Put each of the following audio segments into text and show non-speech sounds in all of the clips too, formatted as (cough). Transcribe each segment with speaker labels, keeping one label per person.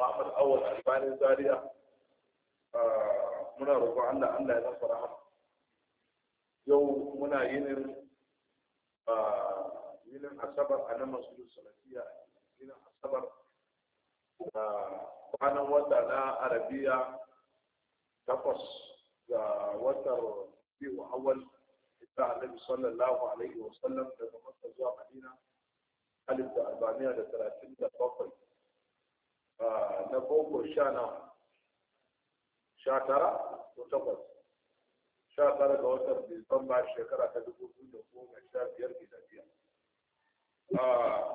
Speaker 1: Muhammad Awal Albanin Zaria muna roƙon Allah Allah ya nasara haka yau muna yinin yinin asabar a nan masu salatiya yinin asabar kwanan wata na arabiya takwas ga watar biyu awal ita annabi sallallahu alaihi wasallam daga masa zuwa madina alif da albaniya da talatin da bakwai na boko sha na sha tara ko takwas sha tara ga watan disamba shekara ta dubu biyu da goma sha biyar miladiya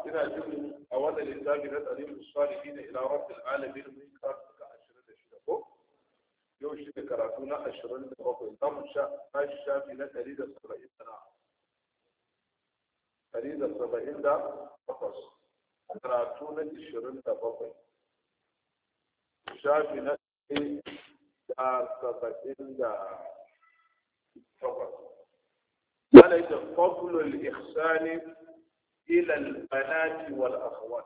Speaker 1: ina jin a wannan lissafi na tsarin musuwali ne ila rabbil alamin mun karatu ka ashirin da shida ko yau shi ne karatu na ashirin da bakwai za mu sha tashi shafi na ɗari da saba'in da ɗari da saba'in da takwas karatu na ashirin da bakwai shafi na ɗari da saba'in da takwas wala ita fadlul ihsani ila al-banati wal akhawat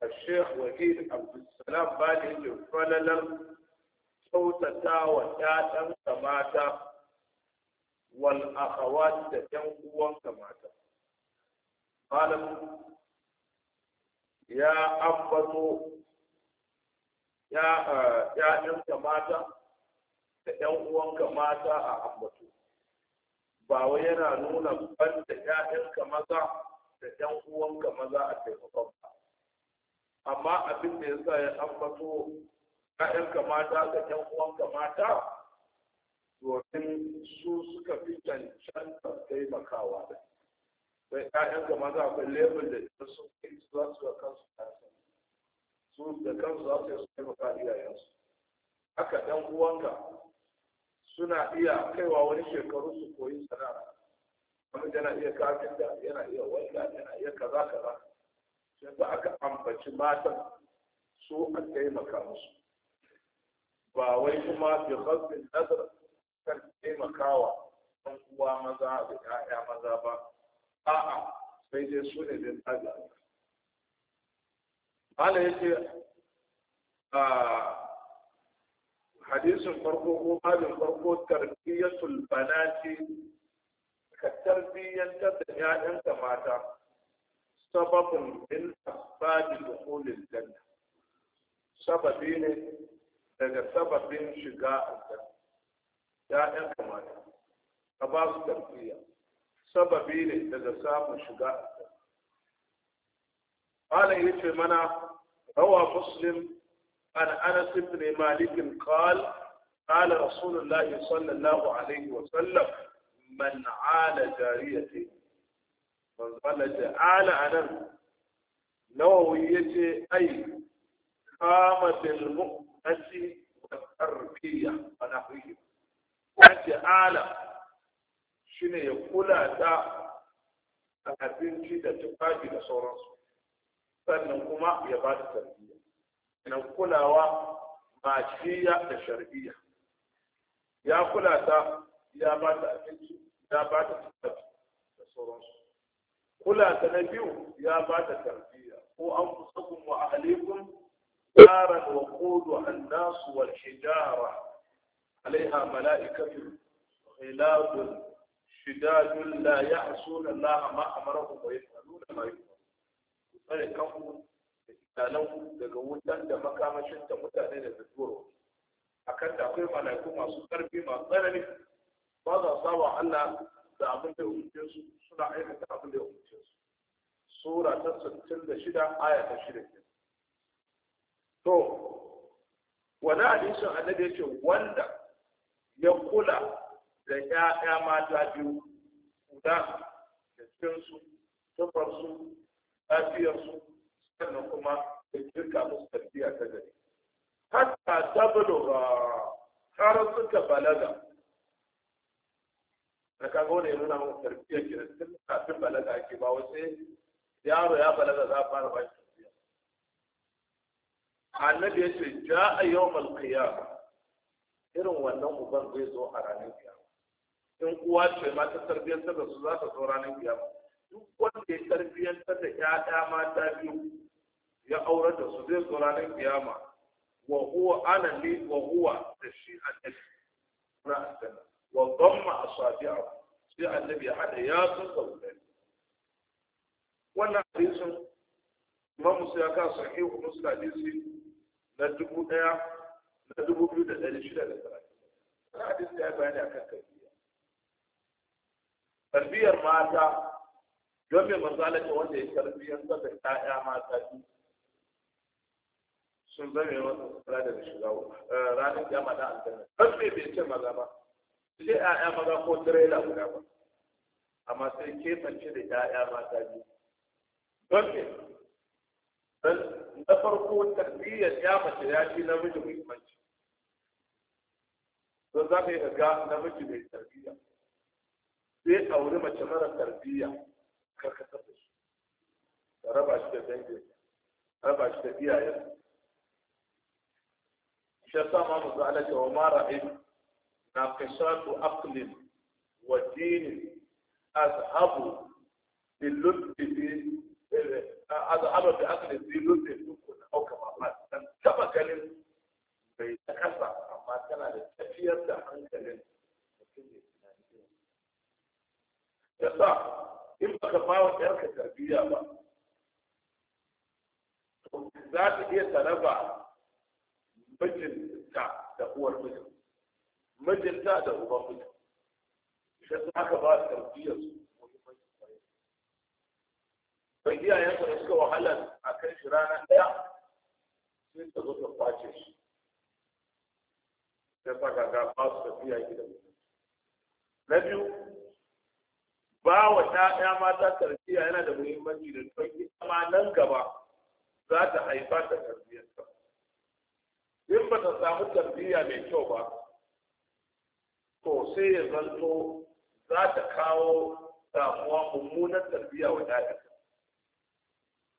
Speaker 1: الشيخ وكيل عبد السلام بالي فللم صوتتا وتاتا كماتا والأخوات تنقوا كماتا قال ya ambato ‘ya'yanka eh, mata da ‘yan uwanka mata a ambatu ba wai yana nuna ban da ‘ya'yanka maza da ‘yan uwanka maza a taimakon ba amma abin da ya sa ya ambato ‘ya'yanka mata da ‘yan uwanka mata domin su suka fi cancantar taimakawa da sai ‘ya'yanka maza akwai lebur da sun kai su za su ga kansu su da kansu za su yi su iyayensu haka ɗan uwanka suna iya kaiwa wani shekaru su koyi sana'a wani yana iya kafinta yana iya wanda yana iya kaza kaza sai aka ambaci matan su a taimaka musu ba wai kuma bi khasbin nazar kan taimakawa ɗan uwa maza da ƴaƴa maza ba a'a sai dai su ne zai tsaga malam yake a hadisin farko ko babin farko tarbiyatul banati ka tarbiyyantar da ƴaƴanka mata sababun min asbabi dukhulil janna sababi ne daga sababin shiga aljanna ƴaƴanka mata ka ba su tarbiyya sababi ne daga samun shiga aljanna malam yake mana روى مسلم عن انس بن مالك قال قال رسول الله صلى الله عليه وسلم من عال جاريته من قال عال انا نووية اي قام بالمؤنة والتربية ونحوه وانت عال شنو يقول ta abinci da tufafi da sauransu sannan kuma ya ba ta tarbiyya ina kulawa ya da shar'iyya ya kula ta ya ba ta abinci ya ba ta tsafi da sauransu kula ta na biyu ya ba ta tarbiyya ko an fusakum wa alaikum naran wa qudu an nasu wa hijara alaiha mala'ikatu غلاب شداد لا Allah الله ما امرهم ويفعلون da يؤمرون tsare kanku da nan daga wutan da makamashin da mutane da zuwa a kan da akwai malaiku masu ƙarfi masu tsanani ba za saba Allah da abin da umarce su suna aikata abin da umarce su sura ta 66 aya ta 6 to wani hadisin annabi yake wanda ya kula da ƴaƴa mata biyu guda da cikin su tufar su lafiyarsu sannan kuma da girka musu tafiya ta gari hatta ta ba har suka balaga da ka wani nuna mun tarbiyya kenan tun kafin balaga ake ba wasu yaro ya balaga za a fara ba shi tarbiyya annabi ya ce ja a yau malkiya irin wannan uban zai zo a ranar kiyama in uwa ce ma ta tarbiyyar da su za ta zo ranar kiyama duk wanda ya tarbiyyantar da ƴaƴa mata biyu ya aurar da su zai zo ranar kiyama wa huwa ana li wa huwa da shi annabi na aljanna wa dhamma asabi'ahu sai annabi ya hada ya san sauran wannan hadisin Imam Musa ya ka sahihu Muslim hadisi na dubu ɗaya na dubu biyu da ɗari shida da talatin. Wannan hadisi ya bayani akan tarbiyya. Tarbiyyar mata don mai manzo Allah ce wanda ya karbi yan da ƴaƴa mata biyu sun zame masa rada da shiga eh, ranar kiyama da aljanna don me bai ce maza ba sai ƴaƴa maza ko tirela guda ba amma sai kefance da ƴaƴa mata biyu don me na farko tarbiyyar ya mace ya fi namiji muhimmanci don za ka yi ga namiji mai tarbiyya sai auri mace mara tarbiyya karkatar da shi da raba shi da dangin raba shi da iyayen shi ya sa mamu za ala cewa mara in na kashatu aqlin wa dinin azhabu bin lutfi azhabu bi aqlin bi lutfi dukkan au kama ba dan taba ganin bai ta kasa amma tana da tafiyar da hankalin mutum ne tunani ya sa in ba ka ba wa ɗarka tarbiyya ba za ta iya taraba mijinta da uwar mijin mijinta da uban mijin shi sun haka ba tarbiyyar su bai iyayensa da suka wahala a kan shi rana ɗaya sai ta zo ta kwace shi sai sa ga ba su tafiya gidan na biyu ba wa ɗaya mata tarbiyya yana da muhimmanci da tsoki amma nan gaba za ta haifa da tarbiyyarta in ba ta samu tarbiyya mai kyau ba to sai ya zanto za ta kawo damuwa mummunan tarbiyya wa ɗaya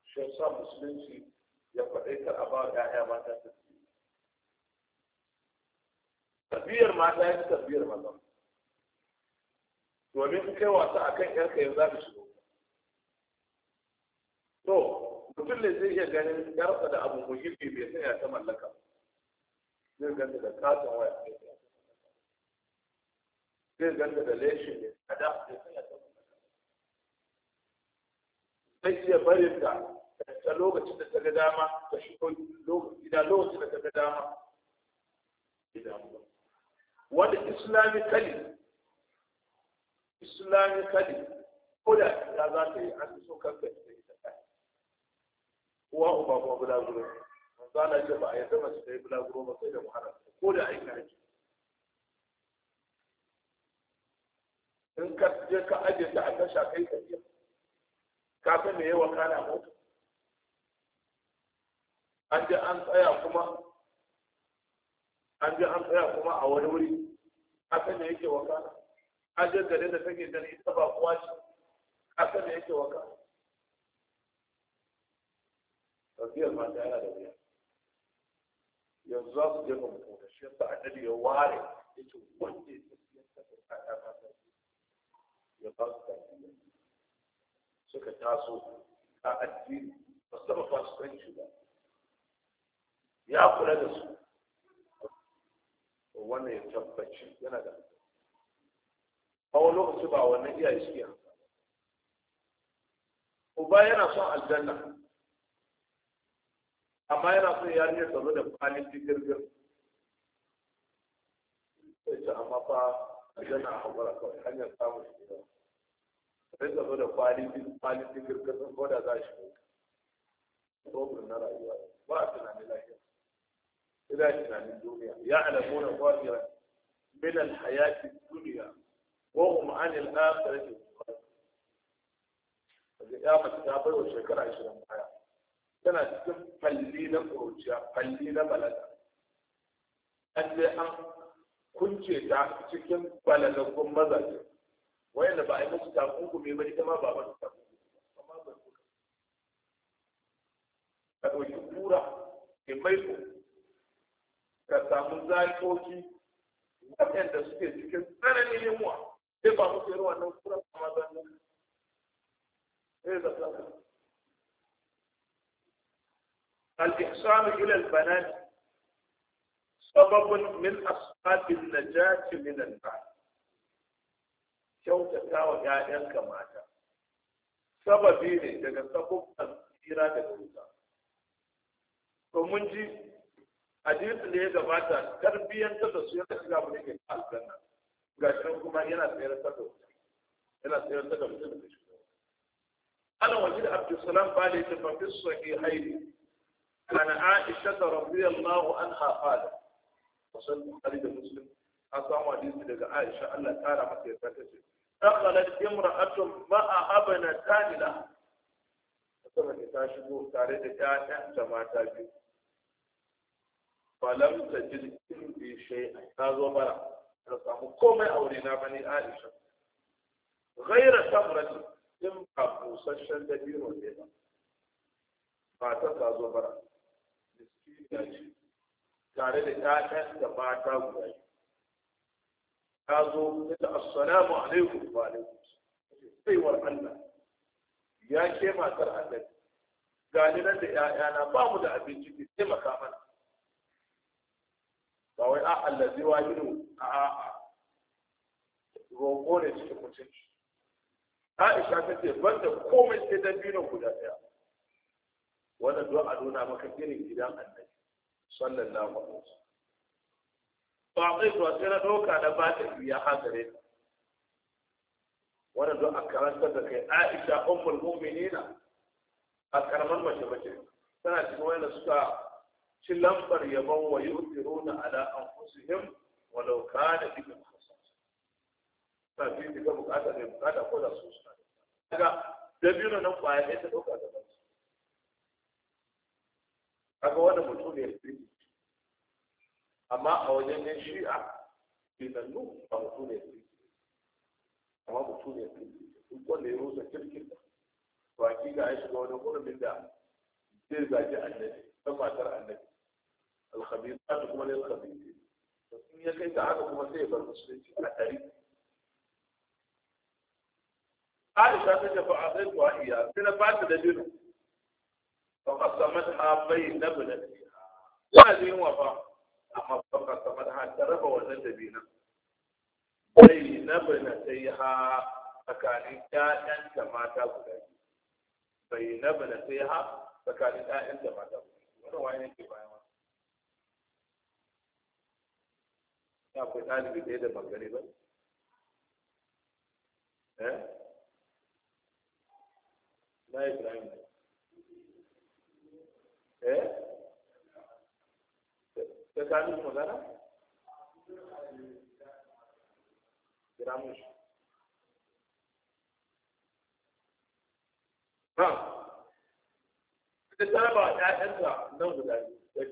Speaker 1: shi sa musulunci ya faɗai ta a ba wa ɗaya mata tarbiyya tarbiyyar mata ya ci tarbiyyar maza domin kai wasa akan yarka yanzu za ka shigo to mutum ne zai iya ganin ƴarsa da abu muhimmi bai sanya ta mallaka zai ganta da katon waya bai sanya ta mallaka zai ganta da leshin ne a da bai sanya ta mallaka zai iya barin ta ta lokacin da ta ga dama ta shigo gida lokacin da ta ga dama Wani islami kali islami kadi ko da ya za ta yi an so kanka da ita kai uwa uba kuma bulaguro manzo Allah ce ba a yarda mace ta yi bulaguro ba sai da muharram ko da aika haji in ka je ka aje ta a tasha kai ka biya ka san me yawa kana mota an je an tsaya kuma an je an tsaya kuma a wani wuri ka san me yake wakana hajjar garin da take gani ita ba kuwa ce kasa da yake waka tafiyar ma da yana da wuya yanzu za su je ga mutum da shi yasa annabi ya ware ya ce wanda ya tafiyar ta ta ta ta ta ya ba su tafiya suka taso a addini ba su taɓa fasikanci ba ya kula da su wannan ya tabbaci yana da او لوغ سبا و نبي ايشيا وبايرا سو الجنة ابايرا سو يارني دولو ده قالي ذكر ذكر اذا اما با الجنة حضر اكو حاجة صعبة كده اذا دولو قالي قالي ذكر ذكر هو ده ذا شو صبر نرى ايوه واسنا لله الى الدنيا يعلمون ظاهرا من الحياة الدنيا wa hum anil akhirati da ya mace ta bai wa shekara 20 baya tana cikin falli na kuruciya falli na balaga an je an kunce ta cikin balagagun mazaje wayanda ba a yi musu takunkumi ba ita ma ba ba ka ɗauki kura in mai ka samu suke cikin tsananin yunwa zai ba musu irin wannan kuran kuma zannin zai zata الإحسان إلى البنات سبب من أسباب النجاة من النار kyautata wa ‘ya'yanka mata, sababi ne daga sabubban tsira da wuta. To mun ji hadisi ne ya gabata tarbiyyantar da su yana shiga mu ke aljanna. gashi nan kuma yana tsayar sata yana tsayar sata mutum da shi ana wani da abu salam ba da ita mafi sahi haini aisha da radiyallahu an hafa da wasan tsari da muslim an samu hadisi daga aisha allah tara mata ya sata ce dakalar imra atun ma'a abana tamila wasan da ta shigo tare da ƴaƴan jama'a biyu falam ta jirgin bishe a tazo mara رسامو کوم اورینا باندې عائشہ غیر صبرت ام ابو سشل دبیرو دیما فاتح تازو برا نسکی جاچی کارے لکا ہے سباتا ہوا ہے تازو مدع السلام علیکم وعلیکم سی ورحلہ یا کیما سرحلت گالینا دیا یعنی با مدع بیچی کسی مخامنہ ba wai a allazi wahidu a a roƙo ne cikin mutunci Aisha ta ce ban da komai sai dabino guda ɗaya wannan don a nuna maka irin gidan annabi sallallahu
Speaker 2: alaihi wasallam ba kai zuwa sai na ɗauka da ba ta
Speaker 1: biya hazare wannan don a karanta da kai Aisha ummul mu'minina a karamar mace mace tana cikin wanda suka ci lambar yabon wa yu'tiruna ala anfusihim walau da bikum khasasa ta fi diga bukata ne bukata ko da su suna daga dabino nan kwaya ne ta dauka da kansu kaga wannan mutum ne tsiri amma a wajen yan shi'a dinannu a mutum ne yi. amma mutum ne yi. duk wanda ya rusa kirkin to ga ya shiga wani gurbin da zai zagi annabi ta matar annabi الخبيثات هم للخبيثين in ya kai ga haka kuma sai ya bar musulunci a ɗari Aisha ta tafi a zai kuwa iya sai na bata da dinu ba ka samar ha bai na bada ina da yunwa ba amma ba ka samar ha ta raba wannan dabina bai na bada ta yi ha tsakanin ƴaƴanta mata guda bai na bada ta yi ha tsakanin ƴaƴanta mata guda wannan wani ne ke bayan ya akwai ɗalibi ɗaya da ban ba eh na ibrahim eh ta sami magana Ha, ita taraba ‘ya'yanta nan guda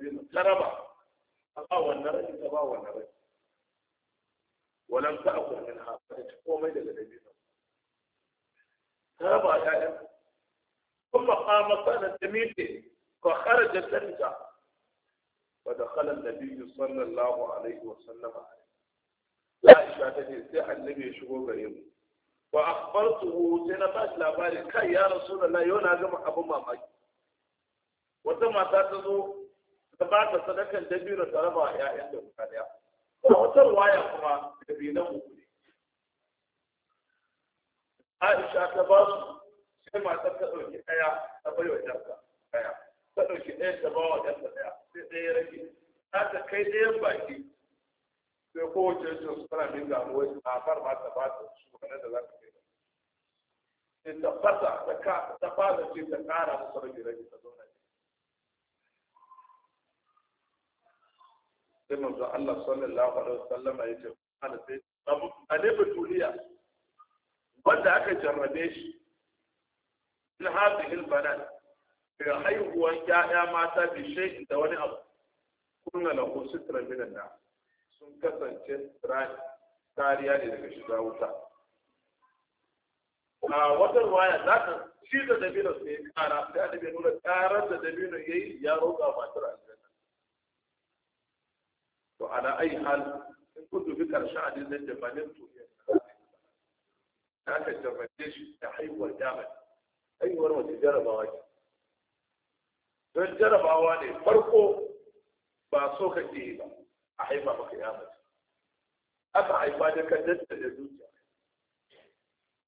Speaker 1: biyu, da a ba wannan rashin ta ba wannan rashin. walam ta akwai min ha ba ta komai daga dabino ta ba ya'yan kuma kama sana ta miƙe ka kharaja tanja fa dakhala an alaihi wa sallam Aisha ta ce sai annabi ya shigo gare mu wa akhbartuhu sai na ba labarin kai ya rasulullahi yau na gama abin mamaki wata mata ta zo ta ba sadakan dabino ta raba 'ya'yan da mutane a wata ruwaya kuma na uku ne aisha ta ba su sai matar ta ɗauki ɗaya ta baiwa ɗanta ɗaya ta ɗauki ɗaya ta ba wa ɗanta ɗaya sai ɗaya ya rage ta ta kai ɗayan baki sai kowace yanzu su tana min damuwa a bar ma ta ba ta su wani da za ta kai ta fata ta fata ce ta ƙara su rage rage ta zauna sai manzo Allah sallallahu alaihi wasallam ya ce ana sai abu aleba duniya wanda aka jarrabe shi in hadhihi albanat ga haihuwar ƴaƴa mata bi shay'in da wani abu kunna lahu sitra min an sun kasance tsirani kariya ne daga shiga wuta a wata ruwaya za ka shi da dabino sai ya kara sai a annabi nuna karar da dabino ya yayi ya roƙa masu matar to ala ai hal in kuntu bi karshen hadin nan da manin to ya ka jarrabe shi da haihuwar damar haihuwar wace jarabawa ce don jarabawa ne farko ba so ka ke ba a haifa maka ya mace aka haifa da ka danta da zuciya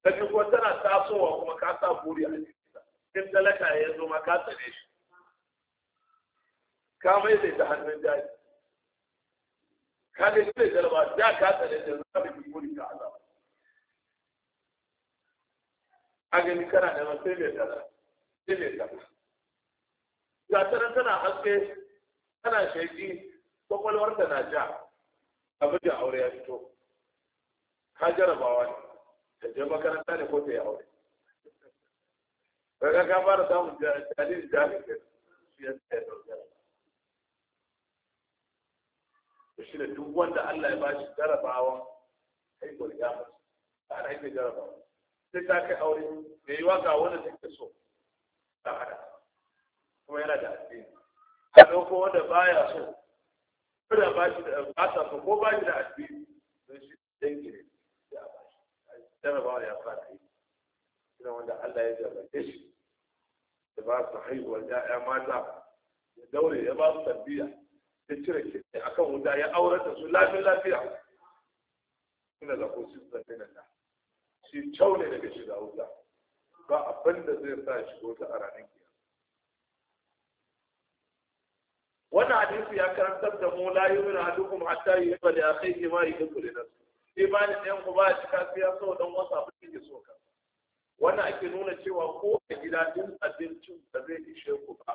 Speaker 1: ta ji kuma tana tasowa kuma ka sa buri a jikinta in talaka ya zo ma ka tsare shi ka mai da hannun daji ka ga shi jarba da ka tsare da za ka yi ka azaba a gani kana da masai mai tsara sai mai tsara ga tsaron tana haske tana shaiki kwakwalwar ta na ja abin da aure ya fito ka jarabawa ne ta je makaranta ne ko ta yi aure kaga ka fara samun jalil jalil shi ya tsaye da to shi da duk wanda Allah ya bashi jarabawa haihuwar ya mace ta ana haihuwar jarabawa sai ta kai aure mai yi waka wanda take so ta hada kuma yana da addini a ɗauko wanda baya so kada ba shi da basa so ko ba shi da addini don shi dangi ne ya ba shi jarabawa ya fara yi shi wanda Allah ya jarabace shi da ba su haihuwar ya'ya mata ya daure ya ba su tarbiyya ya cire kitse akan wuta ya aurar da su lafiya lafiya ina da kusa da nan shi cau ne daga shiga wuta ba abin da zai sa shi ta a ranar kiyama wannan hadisi ya karantar da mu la yu'minu ahadukum hatta ya li akhihi ma yuhibbu li nafsihi sai ba ni ɗayan ku ba a cika sai ya don wasu abin da ke so ka wannan ake nuna cewa ko a gida din abincin da zai ishe ku ba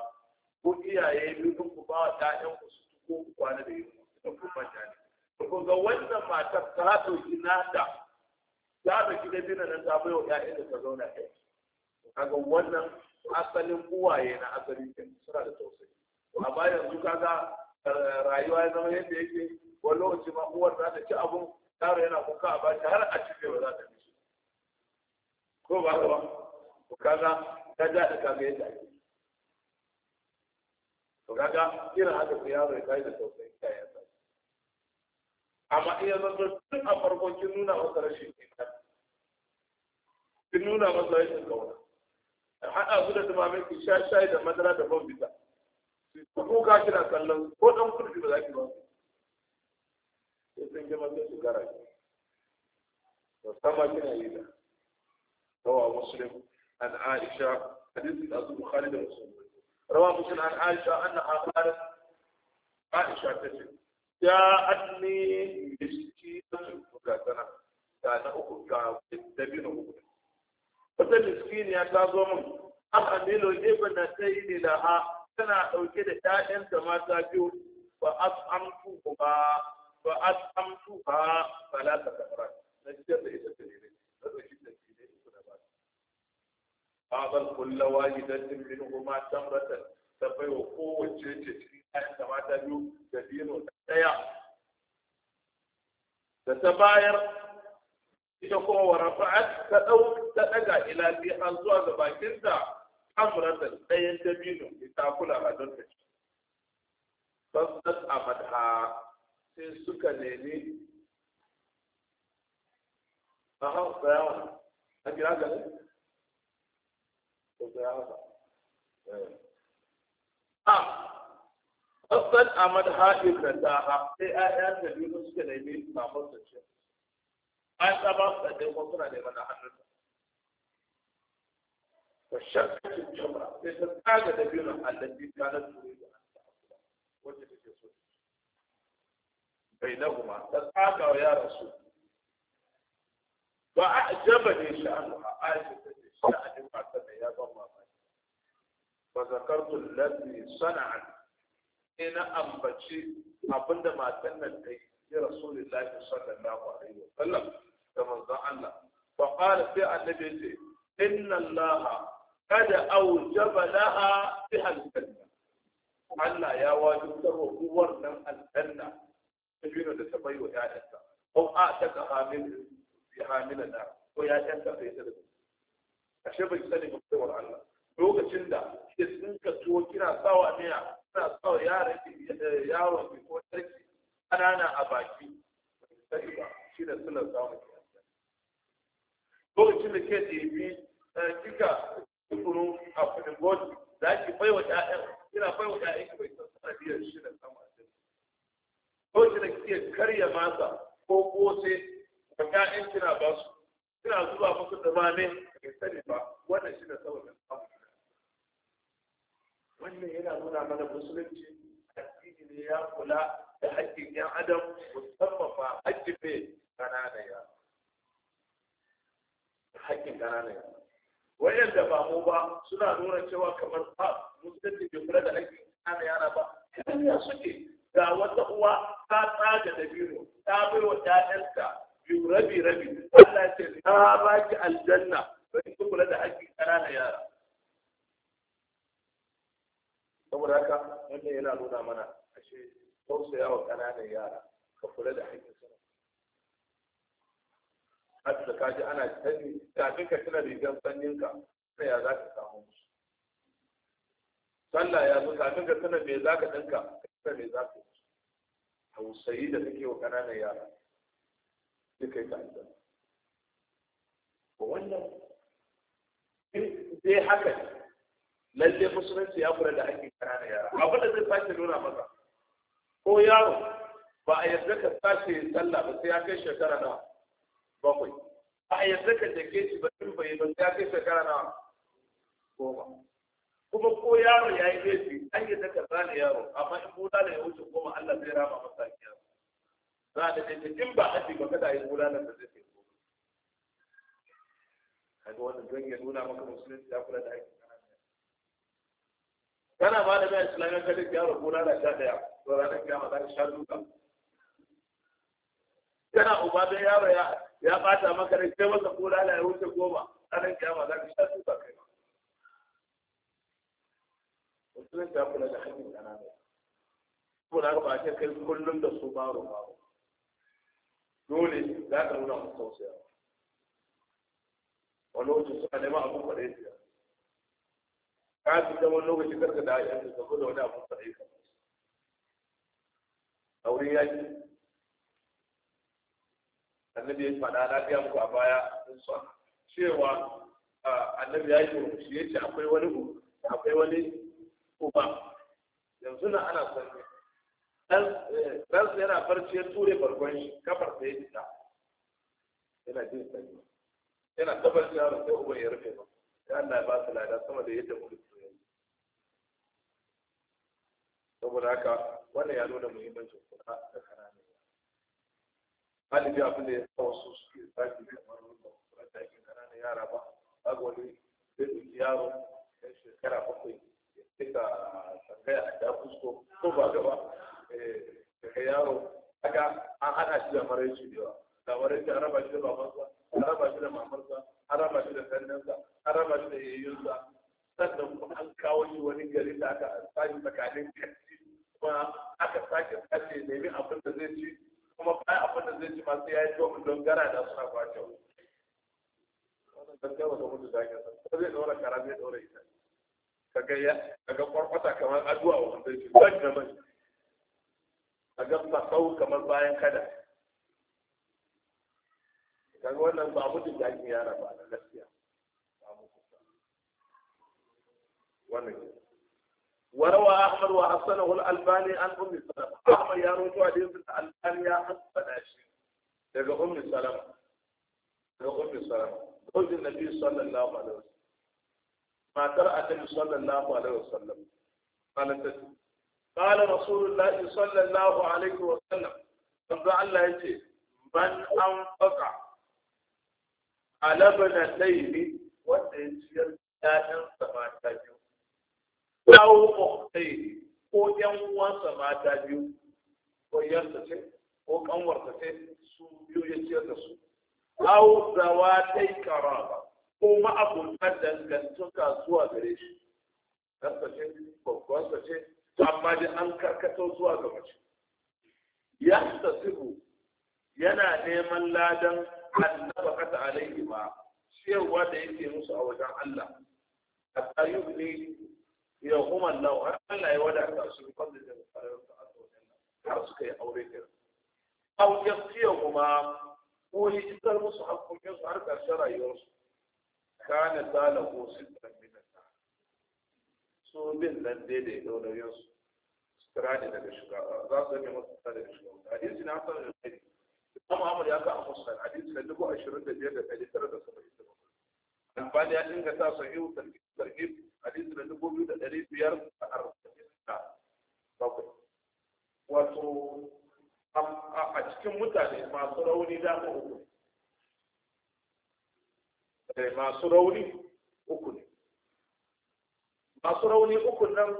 Speaker 1: ko iyaye biyu ku ba wa ɗayan ku su ko kwana da yunwa da kuma manta ne ko ga wannan matar ta dauki nata ta dauki da dinan nan ta bayo ya da ta zauna kai kaga wannan asalin uwaye na asali ke suna da tausayi to bayan su kaga eh, rayuwa ya zama yadda yake wani lokaci ma uwar za ta ci abun yaro yana kuka a bashi har a cikin ba za ta ci ko ba ka ba kaga ta da kaga yadda ake to kaga irin haka ku yaro ya tashi da tausayin kayansa amma iya zanto tun a farko kin nuna masa rashin kinta kin nuna masa rashin kauna haɗa su da tumamin ki sha shayi da madara da ban bita ku kuka kina kallon ko ɗan kurfi ba za ki ba sai sun ji masa su gara ki to sama kina yi da rawa muslim an aisha hadisi da su bukhari da muslim رواه مسلم عن عائشة أنها قالت عائشة تسلم جاءتني مسكينة فكاتنا كان أخو كابتبين أخو wata miskiniya ta zo min an amilu ibna sayni laha tana dauke da 'ya'yanta mata biyu fa as'amtu ba fa ba fala ta na ce da ita ta ne qabal kullu wahidatin minhuma tamratan ta bai wa kowace ce cikin ayan da mata biyu da dino ɗaya, da ta bayar ita kuma wa rafa'at ta dau ta daga ila bi an zuwa ga bakin ta da dayan ta biyu ita kula a don ta ci fasdat amadha sai suka nemi A hausa yawa a jira ga ne Eh. Ah. Asad Ahmad Haji da Taha sai ‘ya'yan da biyu suka nemi mamar su ce, an saba su da dai kuma suna neman na hannun ta. Ba shakka cin jama'a sai ta tsaga da biyu na allabi kanar turi da an ta wacce take so. Bai na kuma ta tsaga wa yaran su. Ba a jaba ne sha'anu a aishin ta ce sha'anin matar da ya ban mamaki ba sana'a na ambaci abinda matan nan ta yi ya lafiya, sallallahu alaihi wa sallam da manzon Allah fa qala sai annabi ya ce inna Allah kada aujaba laha fi aljanna Allah ya wajibtar wa uwar nan aljanna ta biyo da ta bayo ƴaƴanta ko a ta ka hamil bi hamilana ko ya ƴaƴanta sai ta ashe bai sani ba kaiwar Allah lokacin da ke sun ka tuwo kina sawa miya kina sawa yaron ki eh, yaron ki ko tarki ƙanana a baki bai sani ba shi da sunan samun ki lokacin da ke ɗebi eh, kika tukuru a kudin godi za ki bai wa ƴaƴan kina bai wa ƴaƴan ki bai san sanadiyar shi da sama lokacin da kike karya masa ko kose wa ƴaƴan kina ba su kina zuba musu da mame bai sani ba wannan shi da saboda wannan yana nuna mana musulunci addini ne ya kula da haƙƙin 'yan adam musamman ma haƙƙin mai ƙanana ya haƙƙin ƙanana ya wayanda ba mu ba suna nuna cewa kamar ba musulunci bai kula da haƙƙin ƙanana yara ba kariya suke ga wata uwa ta tsaga da biro ta bai wa 'ya'yanta biyu rabi rabi Allah ce na baki aljanna sai su kula da haƙƙin ƙananan yara saboda haka wannan yana nuna mana ashe tausaya wa ƙananan yara ka kula da haƙƙin sana hatta ka ji ana sani kafin ka tuna rigar sanninka sai ya za ka samu musu sallah ya zo kafin ka tuna me za ka ɗinka ka tuna me za ka yi tausayi da take wa ƙananan yara duka yi ta'addar wannan in dai haka ne lalle musulunci ya kula da hakkin kana yara abin da zai fashe nuna maka ko yaro ba a yarda ka sace sallah ba sai ya kai shekara na bakwai ba a yarda ka jake shi ba in bai ba sai ya kai shekara na goma kuma ko yaro ya yi laifi an yarda ka zane yaro amma in bula da ya wuce goma Allah zai rama masa yaro za a da in ba a ba kada a yi bula da zai kaga wannan don ya nuna maka musulunci ya kula da aikin kana ba da gyara gona da sha daya to ranar za ka sha duka kana uba don yaro ya ya bata maka da masa gona da ya wuce goma ranar kiyama za ka sha duka kai ma musulunci ya kula da hakkin kanana ko na ba a kai kullum da su baro baro dole za ka nuna musu tausayawa wani lokacin suna neman abin kwaɗe su ka fi ta wani lokaci karka da ayyar da saboda wani abin kwaɗe ka saurin yaki annabi ya faɗa na gaya muku a baya sun son cewa annabi ya yi murmushi ya ce akwai wani akwai wani uba yanzu na ana son eh, ɗansa yana barci ya ture bargon shi kafar sa ya fita yana jin sanyi yana tabar yaro sai uban ya rufe ba sai Allah ba su lada sama da yadda muke so yanzu saboda haka wannan ya nuna muhimmancin kula da kananan galibi abin da ya sa wasu suke kamar yara ba wani zai ɗauki yaro ɗan shekara bakwai ya cika sangaya a ja ko ba gaba daga eh, yaro an shi da da yawa da an raba shi da babansa harama shi da mamarsa harama shi da kannansa harama shi da yayyunsa sannan kuma an kawo shi wani gari da aka sani tsakanin kanci kuma aka sake sace nemi abin da zai ci kuma bayan abin da zai ci ma sai ya yi jomin don gara da suna kwace gaskiya ba ta mutu da ake sa zai ɗora kara zai ɗora ita kaga ya ga kwarkwata kamar addu'a wanda zai ci ban da mai kaga fasau kamar bayan kada kaga wannan ba mutum da ake yara ba na gaskiya ba mutum wannan ke وروى أحمد وحسنه الألباني عن أم سلمة أحمد يروي حديث الألباني يا حسن أشي daga ummi salama daga ummi salama zaujin nabi sallallahu alaihi wasallam matar annabi sallallahu alaihi wasallam قالت قال رسول الله صلى الله عليه وسلم manzo Allah yace man anfaqa alabana laifi wanda ya ciyar ‘ya'yansa mata biyu, kawo muhtai ko ‘yan uwansa mata biyu, ko yarsa ce, ko kanwarsa ce, su biyu ya ciyar da su. Kawo zawa ta yi karaba, ko ma'abutar dangantaka zuwa gare shi. Yarsa ce, babbansa ce, amma dai an karkato zuwa ga mace. Ya sibu yana neman ladan annabakata alaihi ma ciyarwa da yake musu a wajen Allah A hatta ne ya huma lau har Allah ya wadata su kan da jafarin su a wajen har suka yi aure kira au yasiya kuma ko ya isar musu hakkokin su har ƙarshen rayuwarsu
Speaker 2: kana zala ko
Speaker 1: sittan minata so bin nan daidai su. sutura ne daga shiga za su yi masu daga shiga hadisi na hasan da kuma Ahmad ya ka a musulun hadisi da dubu ashirin da biyar da ɗari tara da saba'in da bakwai. Albani ya inganta sahihu tarhib hadisi da dubu biyu da ɗari biyar da arba'in da bakwai. Wato a cikin mutane masu rauni dama uku ne. Eh, masu rauni uku ne. Masu rauni uku nan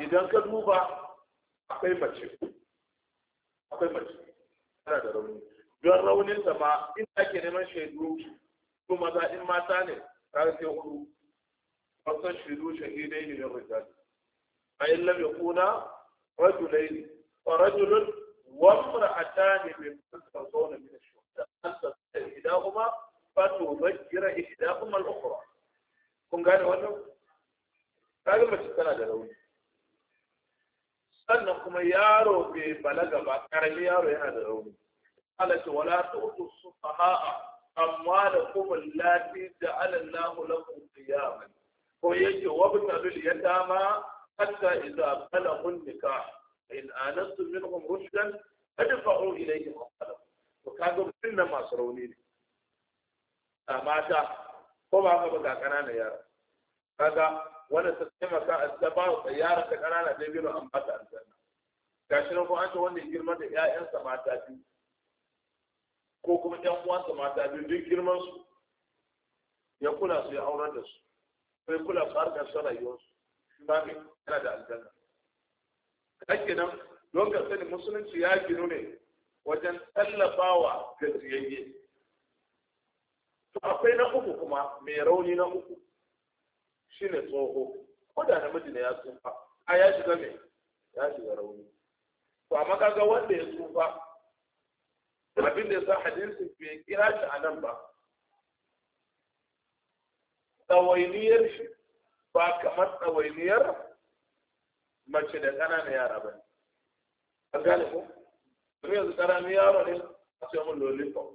Speaker 1: idan ka duba akwai mace akwai mace tana da rauni don raunin ta ma in ake neman shaidu ko maza in mata ne ga sai hudu wasan shaidu shahidai ne min rijal a in lamya kuna rajulai fa rajulun an ta min yi gida. kuma ba anta ihdahuma kira tudhkira da kuma ukhra kun gane wannan ga mace tana da rauni sannan kuma yaro bai balaga ba karami yaro yana da rauni ala ta wala ta su fahaa amma da kuma lafi da alallahu lakum qiyaman ko yake ya dama hatta idza balagu nikah in anastum minhum rushdan fadfa'u ilayhim amwalahum to kaga mutum nan masu rauni ne a mata ko ba ka ba ga ƙananan yara kaga wanda ta taimaka a ta ba wa tsayyara ta ƙanana da biyu an ta aljanna shi nan ko an ce wanda girman da ƴaƴansa mata biyu ko kuma ƴan uwansa mata biyu duk girman su ya kula su ya aurar da su sai kula su har ƙarshen rayuwarsu shi ba mai yana da aljanna kake nan don ka sani musulunci ya ginu ne wajen tallafawa gajiyayye to akwai na uku kuma mai rauni na uku Shi ne tsoho ko da namiji ne ya tsufa a ya shiga me ya shiga rauni to amma kaga wanda ya tsufa abin da ya sa hadisi bai kira shi a nan ba tsawainiyar shi ba kamar tsawainiyar mace da ƙananan yara ba an gane ko domin yanzu ƙananan yaro ne a sai mun lollipop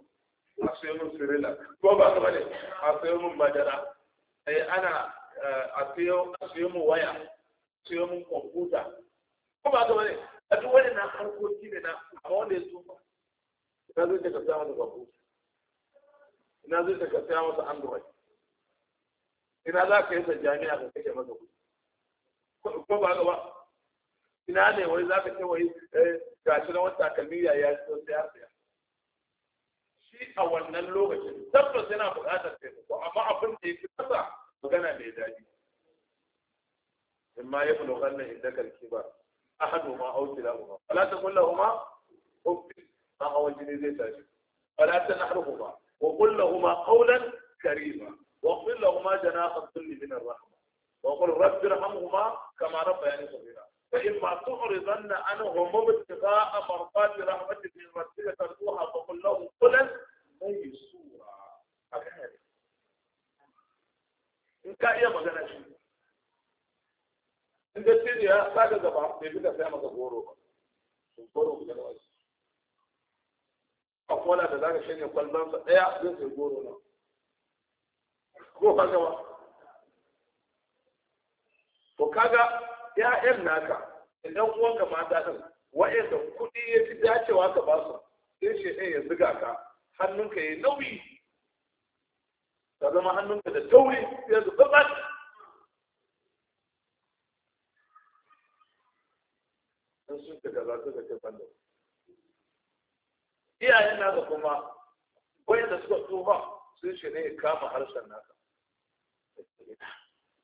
Speaker 1: a sai mun sirila ko ba ka ne, a sai mun madara sai eh, ana Eh, a siyo mu waya siyo mu kwamfuta Kuma ba ga wani a duk wani na harkoki ne na amma wanda ya tsufa ina zai ta kasa masa kwamfuta ina zai ta kasa masa android ina za ka yi sa jami'a ka kake masa kuɗi ko ba ga ba ina ne wai za ka ce wai eh, gashi na wata takalmi ya ya so ya shi a wannan lokacin tabbas yana buƙatar taimako amma abin da ya fi kasa magana mai daɗi in ma ya fi lokar nan inda karki ba ahadu ma auki la kuma wala ta kulla huma ubbi ma hawa jini zai tashi wala ta nahru kuma wa kulla huma qawlan karima wa kulla huma janaha kulli min ar-rahma wa qul rabbi rahmuhuma kama rabbayani saghira فإما تعرضن عنهم ابتغاء مرضات min rabbika ربك fa فقل لهم قولا ميسورا هكذا ka iya magana shi in da ce ya saka ga gaba bai fi ka sai maka goro ba goro ku da wasu a kona da za ka shanye kwalbansa ɗaya zai sai goro na ko ba gaba to kaga ya'yan naka idan uwanka mata din wa'anda kuɗi ya fi dacewa ka ba su sai shi ya zuga ka hannunka ya nauyi ka zama hannunka da tauri sai su gabas sun sun ka gaza su ka ce banda iyayen naka kuma wayanda suka tsufa sun shi ne kama harshen naka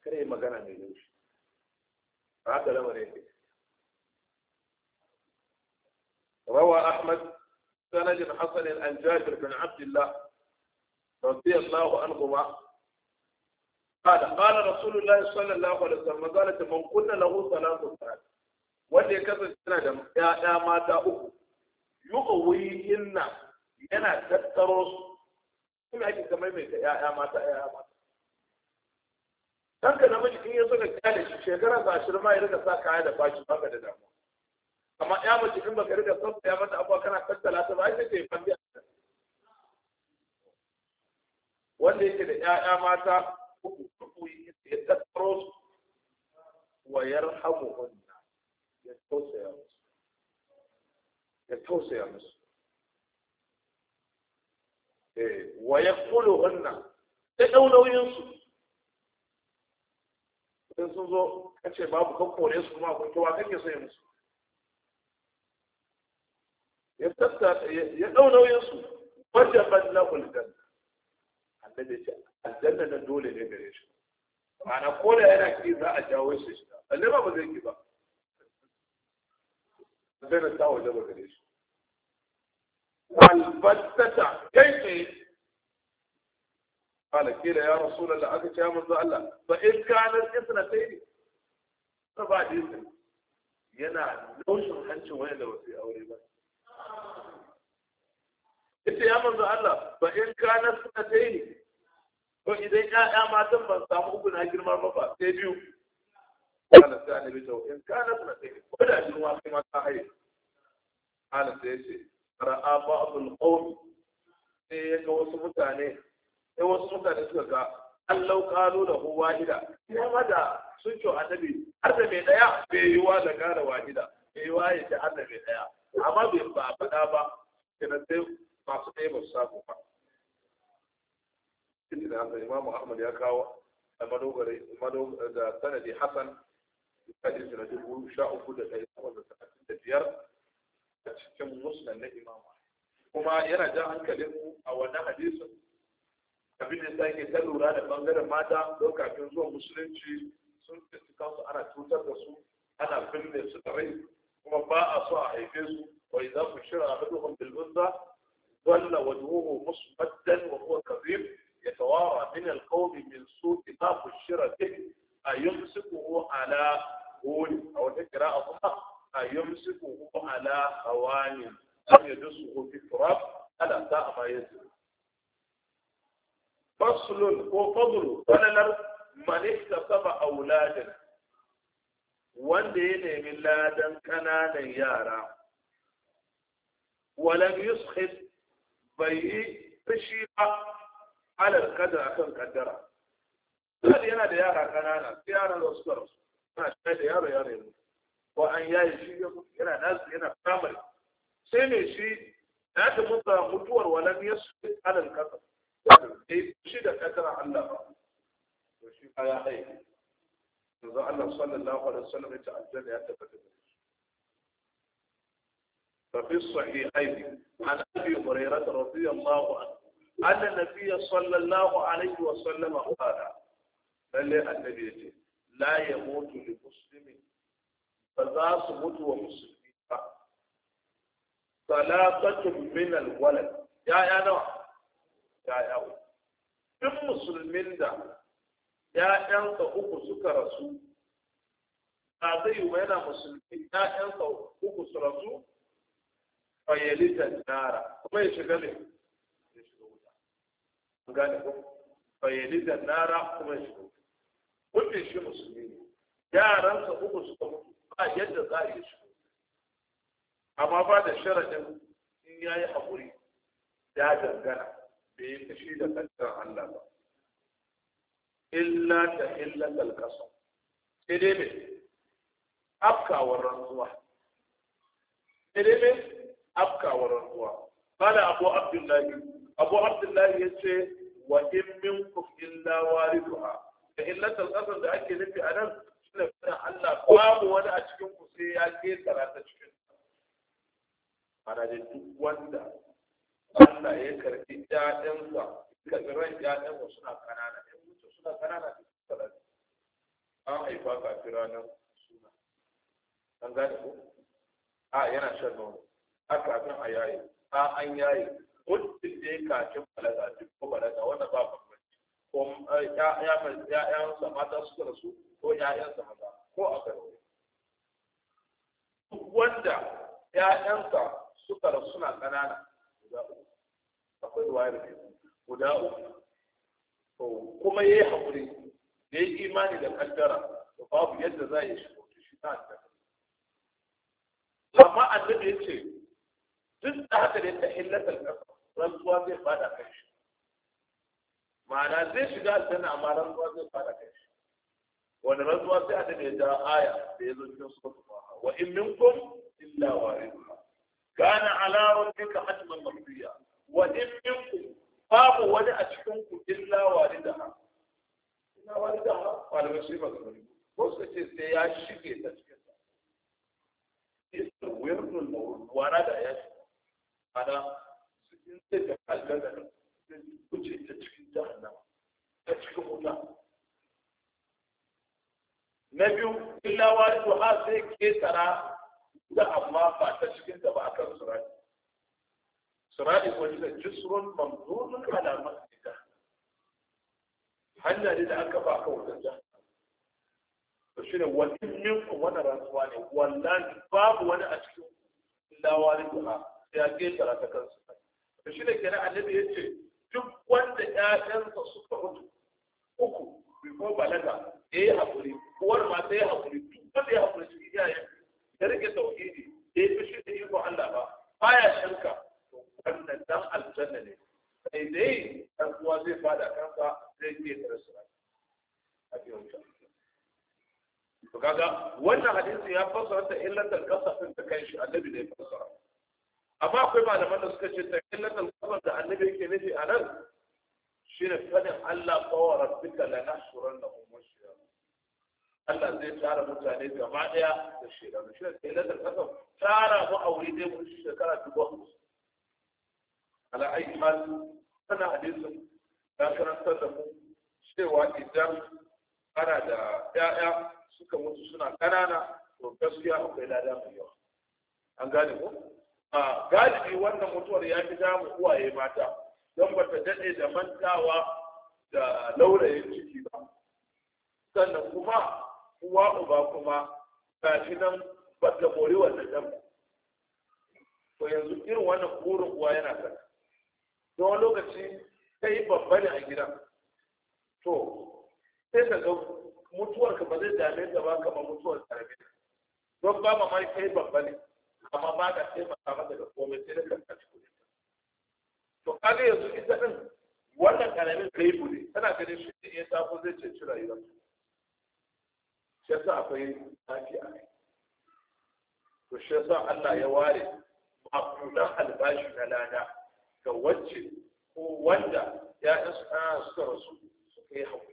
Speaker 1: kare yi magana mai laushi a haka lamarin ne روى أحمد سند حسن عن جابر بن عبد الله رضي الله عنهما قال قال رسول الله صلى الله عليه وسلم قال من كنا له ثلاث سنوات wanda ya kasance yana da ƴaƴa mata uku يقوي inna yana tattaro su kuma ake kamar يا يا ما mata يا mata kanka namiji in ya saka kaya da shi shekara ga ashirin ma ya rika sa kaya da bashi baka da damuwa amma ya mace in baka riga sabta ya mata abuwa kana tattala ta ba ita ce fandi a wanda yake da ƴaƴa mata uku uku ya tattaro su wa yarhamuhunna ya tausaya musu ya tausaya musu eh wa yaquluhunna ta daunauyin su sai sun zo kace babu ka kore su kuma akwai kowa kake so ya musu ya tattara ya daunauyin su wajaban lahul janna annabi ce aljanna nan dole ne gare shi ma'ana ko da yana ki za a jawo shi shi aljanna ba zai ki ba aljanna ta waje ba gare shi albattata kai tsaye قال كيلا يا رسول الله أكت يا منذ الله فإن كانت إثنتين فبعد إثنتين yana laushin hancin wani da wasu aure ba ita ya manzo Allah ba in kana suna ta yi ko idan ƴaƴa matan ban samu uku na girma ba ba sai biyu kana sai annabi ta in kana suna sai ko da shi kai ma ta haihu kana sai ce ra'a ba'dul qawm sai ya ga wasu mutane sai wasu mutane suka ga allau, kalu da wahida kuma da sun ce annabi har da mai daya bai yi wa da gara wahida bai yi wa ya ce har da mai daya amma bai ba faɗa ba kenan sai masu ɗaya ba su samu ba inda da haka imamu ahmad ya kawo a madogare da sanadi Hassan. hadin su na dubu sha uku da ɗari sama da talatin da biyar a cikin musnan na imamu kuma yana jan hankalin mu a wani hadisin abin da sa ke ta lura da bangaren mata don kafin zuwa musulunci sun fiti kansu ana cutar da su ana binne su da rai kuma ba a so a haife su wa idza bushira ahaduhum bil unsa dhalla wajhuhu musfaddan wa huwa kadhib يتوارى من القوم من سوء طاف الشرك أيمسكه على هون أو تكرا أطلق أيمسكه على هوان أم يدسه في التراب ألا ساء ما يزل فصل وفضل وللر من اكتسب أولادا وندين من لادا ladan kananan ولم walam yushid bai alal kadar akan kaddara kada yana da yara kanana sai yara da su karo suna shi da yaro yaro yanzu ko an yaye shi yana nasu yana primary sai ne shi na ta mutuwa mutuwar walam yasu alal kadar sai shi da kaddara Allah ba to shi ya haihu yanzu Allah sallallahu alaihi wasallam ya ta aljanna ya tabbata ففي الصحيحين عن ابي هريره رضي الله عنه أن النبي صلى الله عليه وسلم قال للي النبي لا يموت لمسلم فذا سموت ومسلمين ثلاثة من الولد يا يا نوع يا يا duk musulmin da yanka uku suka rasu ba zai yi yana musulmi yanka uku su rasu fayyalita nara kuma ya shiga ne gane ko fayyali da nara kuma shi mutu shi musulmi ne yaransa uku suka mutu ba yadda za a yi shi amma ba da sharadin in ya yi haƙuri ya dangana bai yi fushi da kantar Allah ba illa ta illa kalkasa sai dai mai afkawar rantsuwa sai dai mai afkawar rantsuwa قال أبو عبد الله abu abdullahi ya ce wa in minkum illa wariduha da illatar kasar da ake nufi a nan shine fadin Allah babu wani a cikin ku sai ya ke ta cikin ana da duk wanda Allah ya karɓi ƴaƴansa karɓi ran ƴaƴansa suna kanana in mutu suna kanana da su salati an haifa kafin ranar suna an gane ko a yana shan nono a kafin a yaye a an yaye muddin da ya kafin balaga duk ko balaga wanda ba bambanci ko eh, ya ya'yansa mata suka rasu ko ya ya'yansa maza ko a kan duk wanda ya'yansa suka rasu suna ƙanana guda uku akwai ruwa ruwayar ne guda uku to kuma yayi hakuri da yi imani da kaddara to babu yadda za ya shigo to shi ta amma annabi ya ce duk da haka ne ta hillatar ƙasa rantsuwa zai fada kai shi ma'ana zai shiga aljanna amma rantsuwa zai fada kai shi wani rantsuwa sai a dade da aya da ya zo cikin suratul baha wa in minkum illa waridha kana ala rabbika hatman mabdiya wa in minkum babu wani a cikin ku illa waridha illa waridha malamai shi ba su ko su ce sai ya shige ta cikin ta isa wirdul mawrud wara da ya shiga ana sai ta da sai wuce ta cikin jahannama ta cikin wuta na biyu illa wani duha sai ketara da amma ba ta cikin da ba a kan surari surari ko da jisrun mamdunun alamar ita. hanya ne da aka ba ka wajen jahannama to shine wani minkum wani rantsuwa ne wallahi babu wani a cikin illa wani duha sai ya ketara ta kansu da shi da kenan annabi ya ce duk wanda ƴaƴansa suka mutu uku ko balaga ya yi haƙuri uwar ma ta yi haƙuri duk wanda ya haƙuri cikin iyayen ya rike tauhidi ya yi fushi da iko Allah ba baya shanka wannan dan aljanna ne sai dai dan uwa zai fada kansa zai ce da rasu a biyan to kaga wannan hadisi ya fassara ta illar da kasafin ta kai shi annabi ne fassara amma akwai malaman da suka ce takillat al-qabr da annabi yake nufi a nan shine fadin Allah qawa rabbika la nahshurannahum washya Allah zai tara mutane gaba daya da shekaru shi ne takillat al-qabr tara mu aure dai mun shekara dubu ala ayi hal kana hadisin da karantar da mu cewa idan ana da ya'ya suka mutu suna ƙanana to gaskiya akwai lada mai yawa an gane ko galibi wannan mutuwar ya fi damu uwaye mata don ba ta daɗe da mantawa da lauraye ciki ba sannan kuma uwa uba kuma kafin nan ba ta mori wannan ɗan to yanzu irin wannan burin uwa yana kan don lokaci kai babba ne a gida. to sai ka ga mutuwar ka ba zai dame ta ba kamar mutuwar karami don ba mamaki kai babba ne amma ba ka taimaka masa da komai sai da kanka ci kuɗi to kaga yanzu ita din wannan karamin da yi buɗe tana ganin shi ne ya safo zai ceci rayuwar shi yasa akwai zafi a kai to shi yasa Allah ya ware maƙudan albashi na lada ga wacce ko wanda ya ɗan suka rasu suka yi haƙuri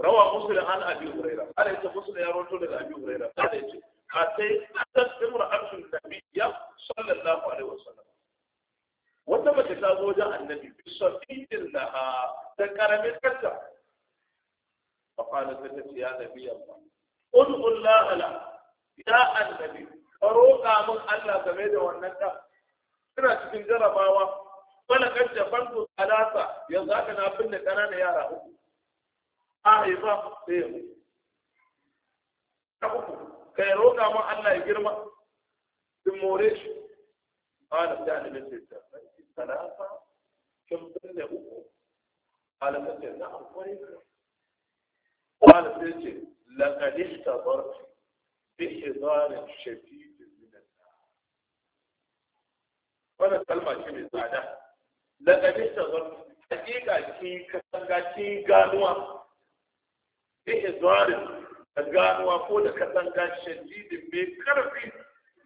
Speaker 2: rawa muslim an abi
Speaker 1: huraira ala yace muslim ya rawaito daga abi huraira ala yace atai atat imra'atun nabiyya sallallahu alaihi wasallam wata mace ta zo wajen annabi bi safiyin laha ta karamin kanta fa qala ta ce ya nabi Allah ud'u ya annabi ka roƙa min Allah game da wannan ta ina cikin jarabawa wala kan jabantu yanzu na binne ƙananan yara uku aiza sai ya mutu ta uku kai roƙa ma Allah ya girma sun more shi qala da annabi sai ta salasa kin binne uku qala sai na akwai قال سيدي لقد احتضرت بحضار شديد من النار وانا كلمة شيء tsada. لقد احتضرت حقيقة كي كتنغا كي غانوا bi izuwarin, da ganuwa ko da gashin, shadidin mai karfi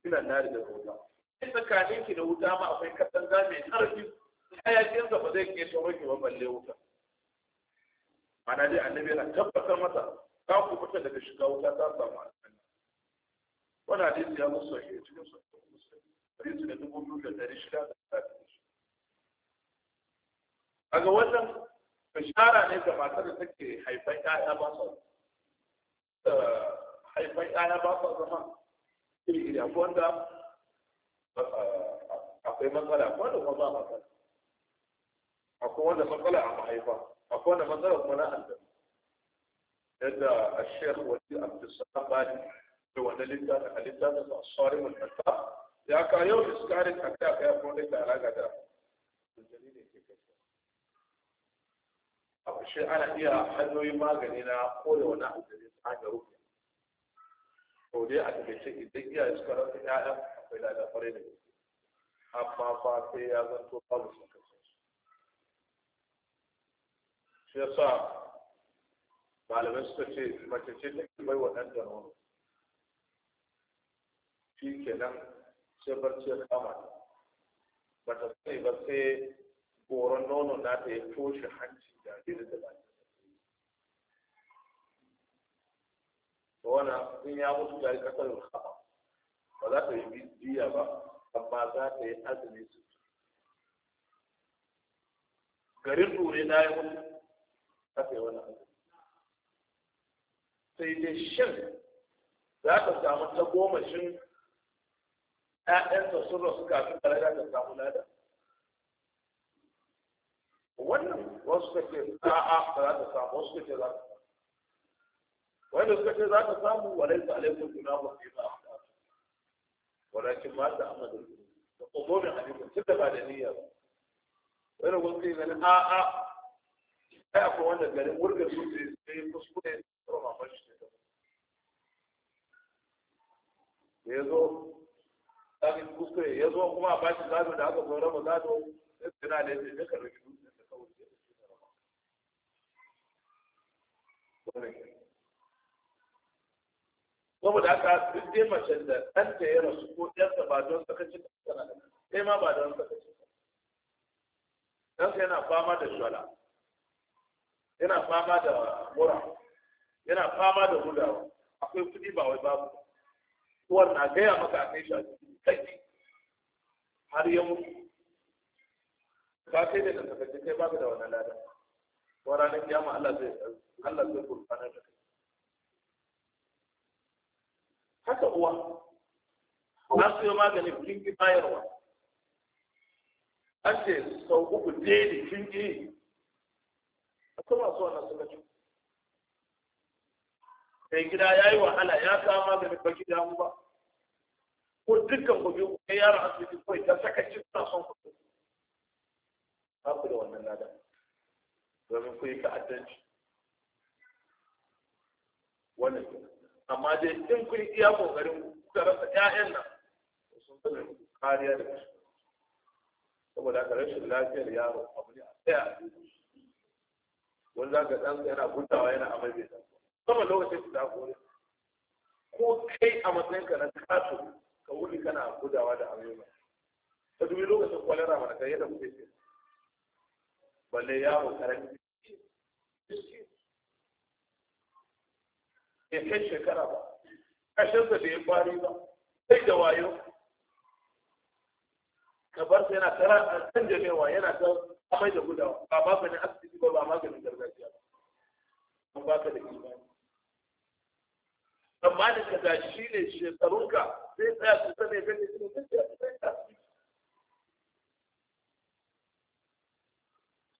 Speaker 1: ina nari da wuta in tsakanin ki da wuta ma akwai katanga mai karfi hayakin ba zai ke tsoro ki ba balle wuta ana dai annabi yana tabbatar masa ka ku fita daga shiga wuta ta samu aljanna Wana hadisi ya musu sahihi cikin sahih hadisi da dubu biyu da dari shida da talatin ga wannan bishara ne ga matar da take haifan ƴaƴa ba su haifan ƴaƴa ba su zama iri iri akwai wanda akwai matsala akwai wanda kuma ba matsala akwai wanda matsala a mahaifa akwai wanda matsala kuma na annabi yadda a shekhu wani abdulsalam bani da wani littafin a littafin da asari mulmata ya ka yau iskarin a kai a kai akwai wanda ke alaƙa da
Speaker 2: aljani ne ke kai
Speaker 1: shi ana iya hanyoyin magani na kore wani abu da zai hanyar rufe to dai a tabbacin idan iyaye suka rasa ƴaƴan akwai lada kwarai da gaske amma fa sai ya zanto babu sun kasance shi sa malamai suka ce mace ce take bai wa ɗan da nono shi kenan sai barci ya kama ta bata sani ba sai koron nono ta ya toshe hanci jaririn da ba ta wana in ya mutu jari kasar haɓa ba za ta yi biya ba amma za ta yi azumi su garin ɗure na yi mutu za ta yi wani azumi sai dai shan za ta samu ta goma shin ‘ya'yansa sun rasu kafin da ta samu lada wannan wasu ka ce a ba za ta samu wasu ka ce za ta samu wanda suka ce za ta samu walai ta alaikun juna ba su yi ba a walakin ma ta amma da da umumin hadisin tun da ba da niyya ba wani wasu yi ganin a'a ai akwai wanda garin wurga su ne sai kuskure da mamman shi ne da ya zo yi kuskure ya zo kuma a bashi gado da aka zo raba gado sai suna da yake ne ka rubutu saboda haka duk dai mace da ɗanta ya rasu ko ɗanta ba don sakaci tana da kai ma ba don sakaci ɗansa yana fama da shwala yana fama da mura yana fama da gudawa akwai kuɗi ba wai babu uwar na gaya maka a kai shi kai har ya mutu Ba kai da sakaci kai ba da wannan ladan ko ranar kiyama Allah zai Allah zai gurfana da kai haka uwa na yi maganin kin ki bayarwa an ce sau uku daidai kin ki kuma so na suka ci kai gida ya yi wahala ya sa maganin baki damu ba ko dukkan ku biyu kai yaron asibiti kawai ta saka cikin sa son kuɗi ba ku da wannan ladan domin ku yi ta'addanci wannan amma dai in kun iya kokarin kuka rasa ƴaƴan nan sun fi kariya da su saboda ka rashin lafiyar yaro abu ne a tsaya a wani za ka ɗan yana gudawa yana amai bai san sama lokacin da ku ko kai a matsayin ka na kasu ka wuri kana gudawa da amai ba Ta dubi lokacin kwalera mana kai yadda kuke ce balle yaro karanci ya kai shekara ba ƙashinsa bai yi fari ba sai da wayo ka bar sa yana tara kan jamewa yana ta amai da gudawa ba ba ka ne asibiti ba ba maganin gargajiya ba an ba ka da imani tsammanin ka da shi ne shekarunka sai tsaya su sani gani su ne sai ka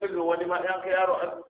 Speaker 1: sai wani ma ya ka yaro asibiti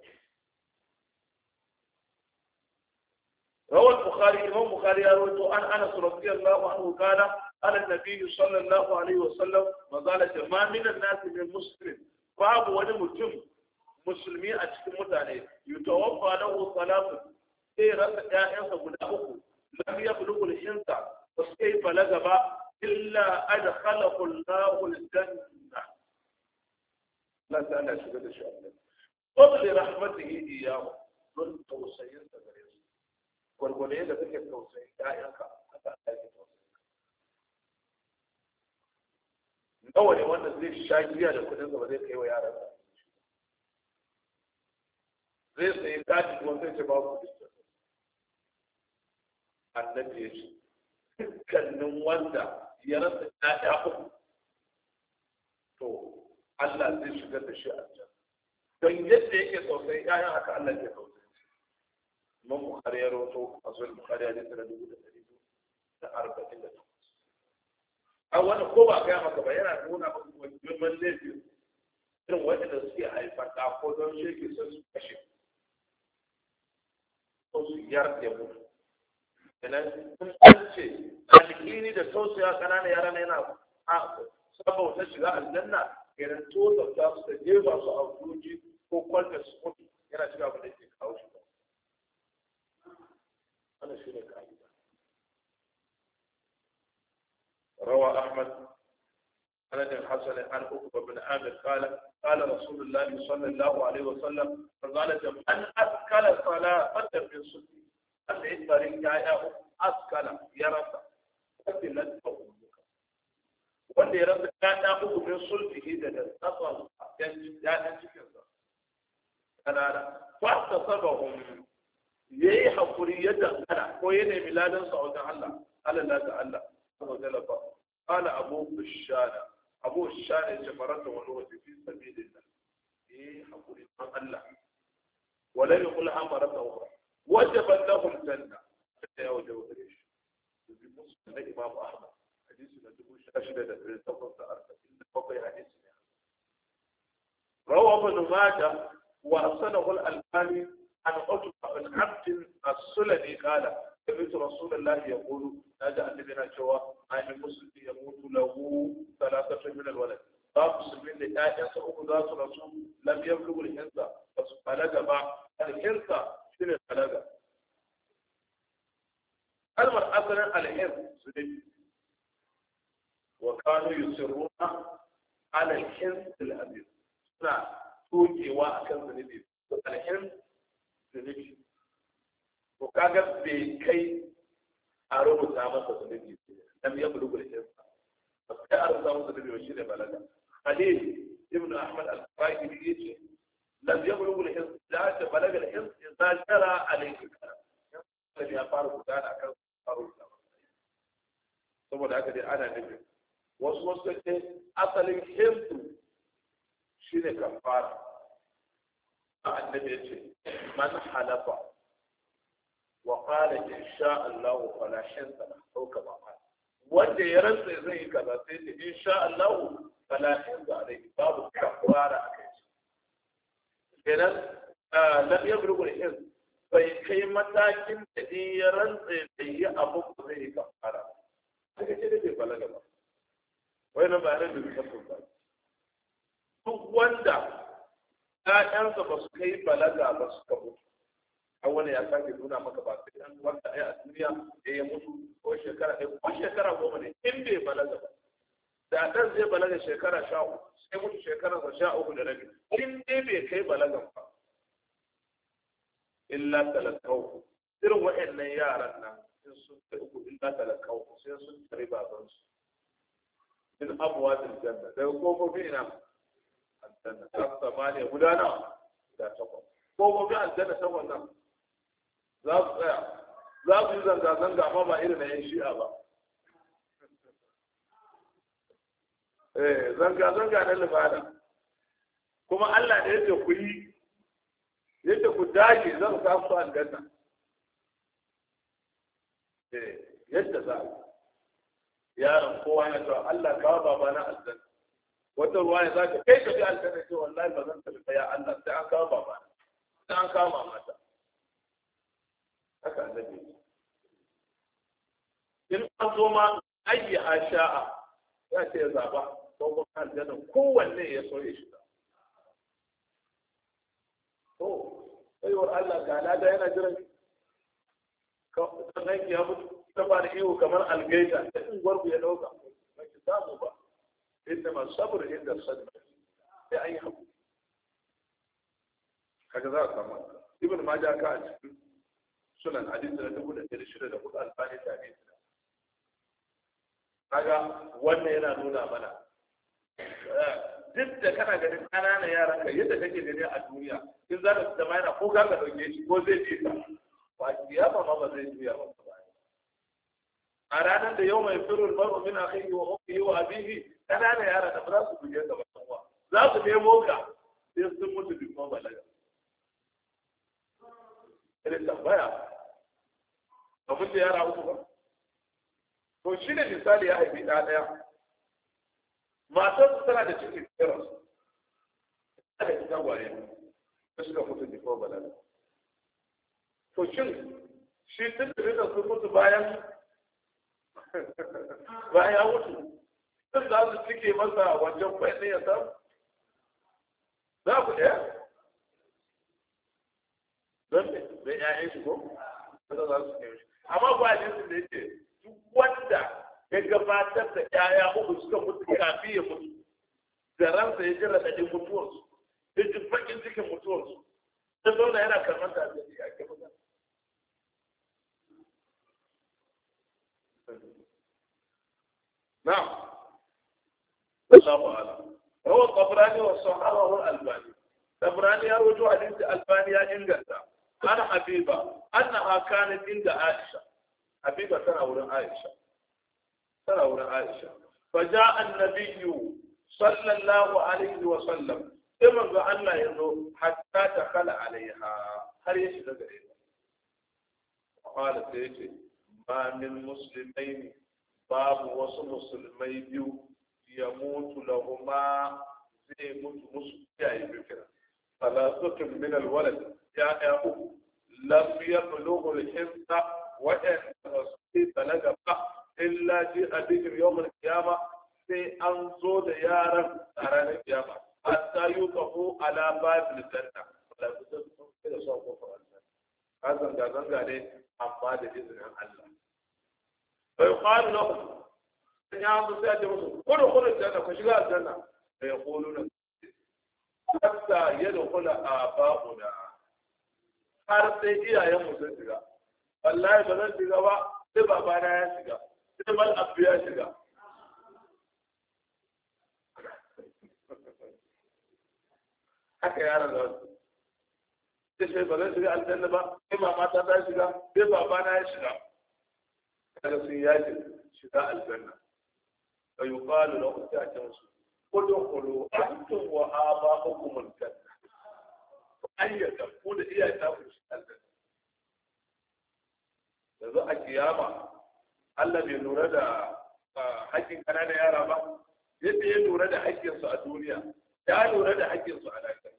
Speaker 1: روى البخاري امام البخاري روي ان انس رضي الله عنه قال قال النبي صلى الله عليه وسلم ما زال ما من الناس من مسلم فاب وني مسلم مسلمي اتكم متاني يتوفى له صلاه اي رب دائما غدا اكو لم يبلغ الانس فسكي بلغ با الا ادخله الله الجنه لا لا لا شكرا قبل رحمته اياه من توسير يقولون يقولون يقولون يقولون يقولون يقولون يقولون يقولون يقولون يقولون يقولون والولية لديك التوسعي دائرك حتى أتاك التوسعي نقول يوان نزليل الشاي جيا لكل نظر ذلك هو يا رب ذلك سيداتي تونسي جباب النبي كان نوان دا يرد دائعه تو الله ذلك شكرا تشياء الجنة دائما يكي توسعي دائرك الله يكي imam bukhari ya rawato a zuwa bukhari ya jisara dubu da ɗari da arba'in da takwas a wannan ko ba gaya maka ba yana nuna maka muhimman laifin irin waɗanda suke haifar da ko don sun kashe da mutu kenan sun ce alhini da ƙanana yara na yana saboda shiga aljanna kenan to da su da jefa su a ko kwalta su yana shiga ba da ke kawo shi هذا شرك أيضا روى أحمد سند الحسن عن عقبة بن عامر قال قال رسول الله صلى الله عليه وسلم فقالت من أكل صلاة من صدق أسعد فريق جائعه أكل يرسى قتلت أمك wanda ya rasa ya hukumin sulhi da da tsatsan ya ɗan cikinsa ƙanana fasta sabahun ya yi haƙuri ya dangana ko ya nemi ladansa a wajen Allah Allah na ga Allah saboda lafa ala abu shana abu shana ya ce faranta wani wasu fi sabi da ya eh, yi haƙuri don Allah wala ne kula an mara tsawo wajen ban da hulɗar da ta yawo da wuri shi da bi musu na imamu ahmad hadisi na dubu sha shida da ɗari takwas da arba'in da bakwai hadisi ne rawa ibn majah wa sanahu al-albani عن عتبة بن عبد السلمي قال سمعت رسول الله يقول نجا النبينا جوا أي المسلم يموت له ثلاثة من الولد باب مسلمين لآية سأقول ذات رسول لم يبلغ الحنسة بس بلغ مع الحنسة شنو بلغ kalmar asalin alhir su ne wa kanu yusiruna ala alhir alazim suna tokewa akan zunubi alhir zunubi to kaga bai kai a rubuta masa zunubi lam yablughu al-insa ba sai a rubuta masa zunubi ba shi ne balaga khalil Ibnu ahmad al-qaidi yace ya yablughu al-insa da balaga al-insa idza jara alayhi kalam ya fara gudana akan faru saboda haka dai ana nufin wasu wasu ce asalin hinsu shi ne kafara a annabi ya ce من حلف wa qala شاء Allah فلا hinsa au kama qala wanda ya rantsa zai yi kaza sai ce insha Allah fala hinsa alai babu kafara akai kenan ah, lam yabrugul hins bai kai matakin da in ya rantse da yi abu zai yi kafara daga ce da ke balaga ba wai da ba duk wanda ƴaƴansa ba su kai balaga ba su ka a wani ya sake nuna maka ba sai an wata ɗaya a duniya da ya mutu ko shekara ɗaya ko shekara goma ne in bai balaga ba da ɗan zai balaga shekara sha uku sai mutu shekara sa sha uku da rabi in dai bai kai balagan ba illa talakau irin wa'annan yaran nan sun sun kai uku illa talakau sai sun tare babansu min abuwa janna daga kofofin ina aljanna ta samaniya guda nawa guda takwas ko kuma gobe aljanna takwas nan za su tsaya za su yi zanga-zanga amma ba irin na yan shi'a ba eh, zanga-zanga na libana kuma Allah da yadda ku yi yadda ku dage zan sa su aljanna eh, yadda za a yi yaron kowa ya ce Allah kawo babana na aljanna wata ruwa ya zaka kai ka ji aljanna ce wallahi ba zan tafi ya Allah sai an kama ma sai an kama mata haka annabi in an zo ma ayi asha'a ya ce ya zaba ko kuma aljanna kowanne ya so ya shiga to baiwar Allah ga lada yana jiran sannan ya mutu ta fara iyo kamar algaita da in gwargu ya dauka ba ki samu ba إنما الصبر عند الصدق في sai an yi haƙuri ابن za a samu ibn maja ka a cikin sunan hadisi da dubu da ɗari shida yana nuna mana eh, duk da kana ganin ƙananan yaran ka yadda kake gani a duniya in za ka fita yana ko ka ɗauke shi ko zai je ka ba ma ba zai juya ba a ranar da yau mai firul baro min akhihi wa ummihi wa abihi ƙananan yara da ba za su buge ka ba kuwa za su nemo ka sai sun mutu bi kuma balaga irin tambaya ba mutu yara uku ba to shi ne misali ya haifi ɗa ɗaya matar tana da cikin tsirar ta haifi waye. ta shiga mutu bi kuma balaga to shin shi tun da sun mutu bayan (laughs) bayan ya mutu sun za su cike masa wajen kwai ya samu za ku ɗaya don ne da ƴaƴan shi ko za su cike shi amma ba a su da yake duk wanda ya gabatar da ƴaƴa uku suka mutu kafi ya mutu da ransa ya ji raɗaɗin mutuwarsu ya ji baƙin cikin mutuwarsu ta zauna yana karɓar da abin da ya ke magana Now, Allahu a rawa tabrani wa sahahu albani tabrani ya rawaito hadisi albani ya inganta an habiba annaha kanat inda aisha habiba tana wurin aisha tana wurin aisha فجاء النبي صلى الله عليه وسلم كما قال الله يزو حتى دخل عليها هل يشهد غريبا وقال سيدي ما من مسلمين باب وصل مسلمين بيو ya mutu lahuma zai mutu musu iyaye biyu kenan salasutun min alwalad ya'ya uku lam yablughu al-hinsa wa in rasul balaga ba illa ji abihim yawm al-qiyamah sai an zo da yaran a ranar kiyama hatta yuqafu ala babil janna salasutun da sa kofar aljanna zanga zanga ne amma da izinin Allah fa yuqalu lahum فيقولون حتى يدخل آباؤنا حتى إلى يوم سنتك الله يبنى سنتك سبع بانا يسنتك سبع الأبياء سنتك حكا يا رب تشعر بانا سنتك على الجنبة إما ما تبعى سنتك سبع بانا يسنتك هذا سنتك شداء الجنبة فيقال له انت اتوسل ادخلوا انتم واباؤكم الجنه فاي تقول هي تاخذ الجنه يزوء الكيامة الذي نرد حج كنانا يا رابا يبي نرد حج ينسى الدنيا يا نرد حج ينسى على الجنة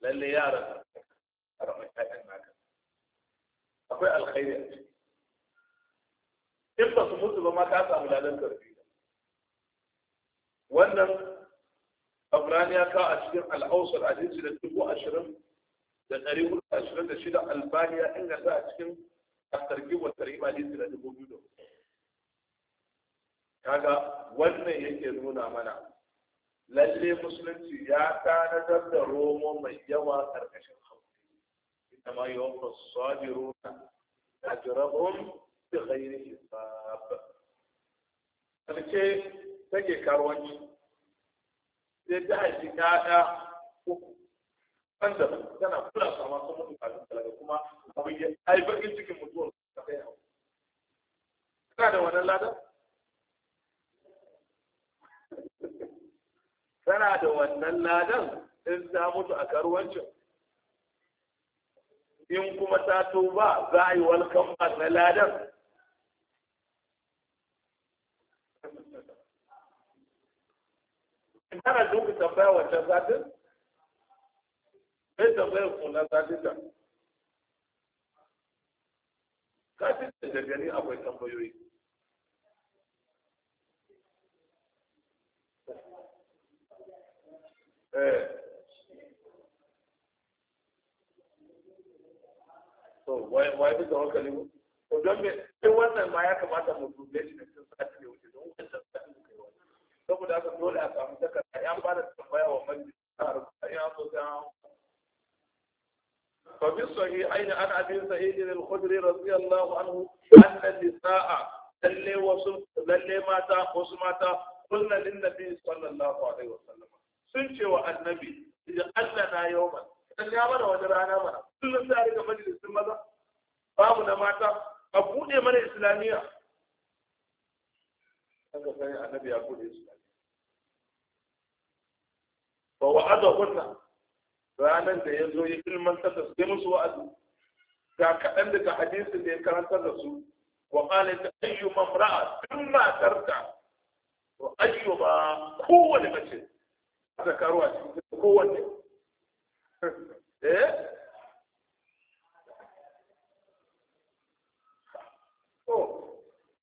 Speaker 1: للي يا رابا أرمي كأن ما أقول الخير in ba su mutu ba ma ta samu ladan karfi wannan abrani ya kawo a cikin al'ausar a jinsi da dubu ashirin da ɗari hudu ashirin da shida albani ya inganta a cikin asarki wa tarihi a jinsi da dubu biyu da kaga wannan yake nuna mana lalle musulunci ya tanadar da romo mai yawa karkashin hankali ita ma yawon fasadiruna ajrabhum bi ghairi hisab kace take karwanci sai ta haifi ƴaƴa uku wanda tana kula su kuma sun mutu kafin talaga kuma abin ya ai in cikin mutuwar ta kai hau kana da wannan ladan kana da wannan ladan in za mutu a karuwancin in kuma ta tuba za a yi walkan na ladan in kana duka tambaya wancan satin sai tambayar kuna satin da kafin da gani akwai tambayoyi eh to wai wai bisa hankali ko don me sai wannan ma ya kamata mu dube shi da cikin sati ne wuce don wancan saboda haka dole a samu takarda ya fara tambaya wa majalisa ya so ta ففي الصحيحين عن ابي سعيد الخدري رضي الله عنه ان النساء للي وصل للي مات وسمات قلنا للنبي Sun ce wa Annabi, سنتي Allah na yau يوما dan ya mana wata rana mana kullum sai rika majalisin maza babu na mata a buɗe mana islamiyya kaga sai annabi ya buɗe su fa wa'ada kunna ranar da ya zo ya ilmantar da su musu wa'azi ga kaɗan daga hadisin da ya karanta da su wa qala ta ayyu mamra'a tun matarta wa ayyu ba kowane mace da karuwa cikin kowanne (laughs) eh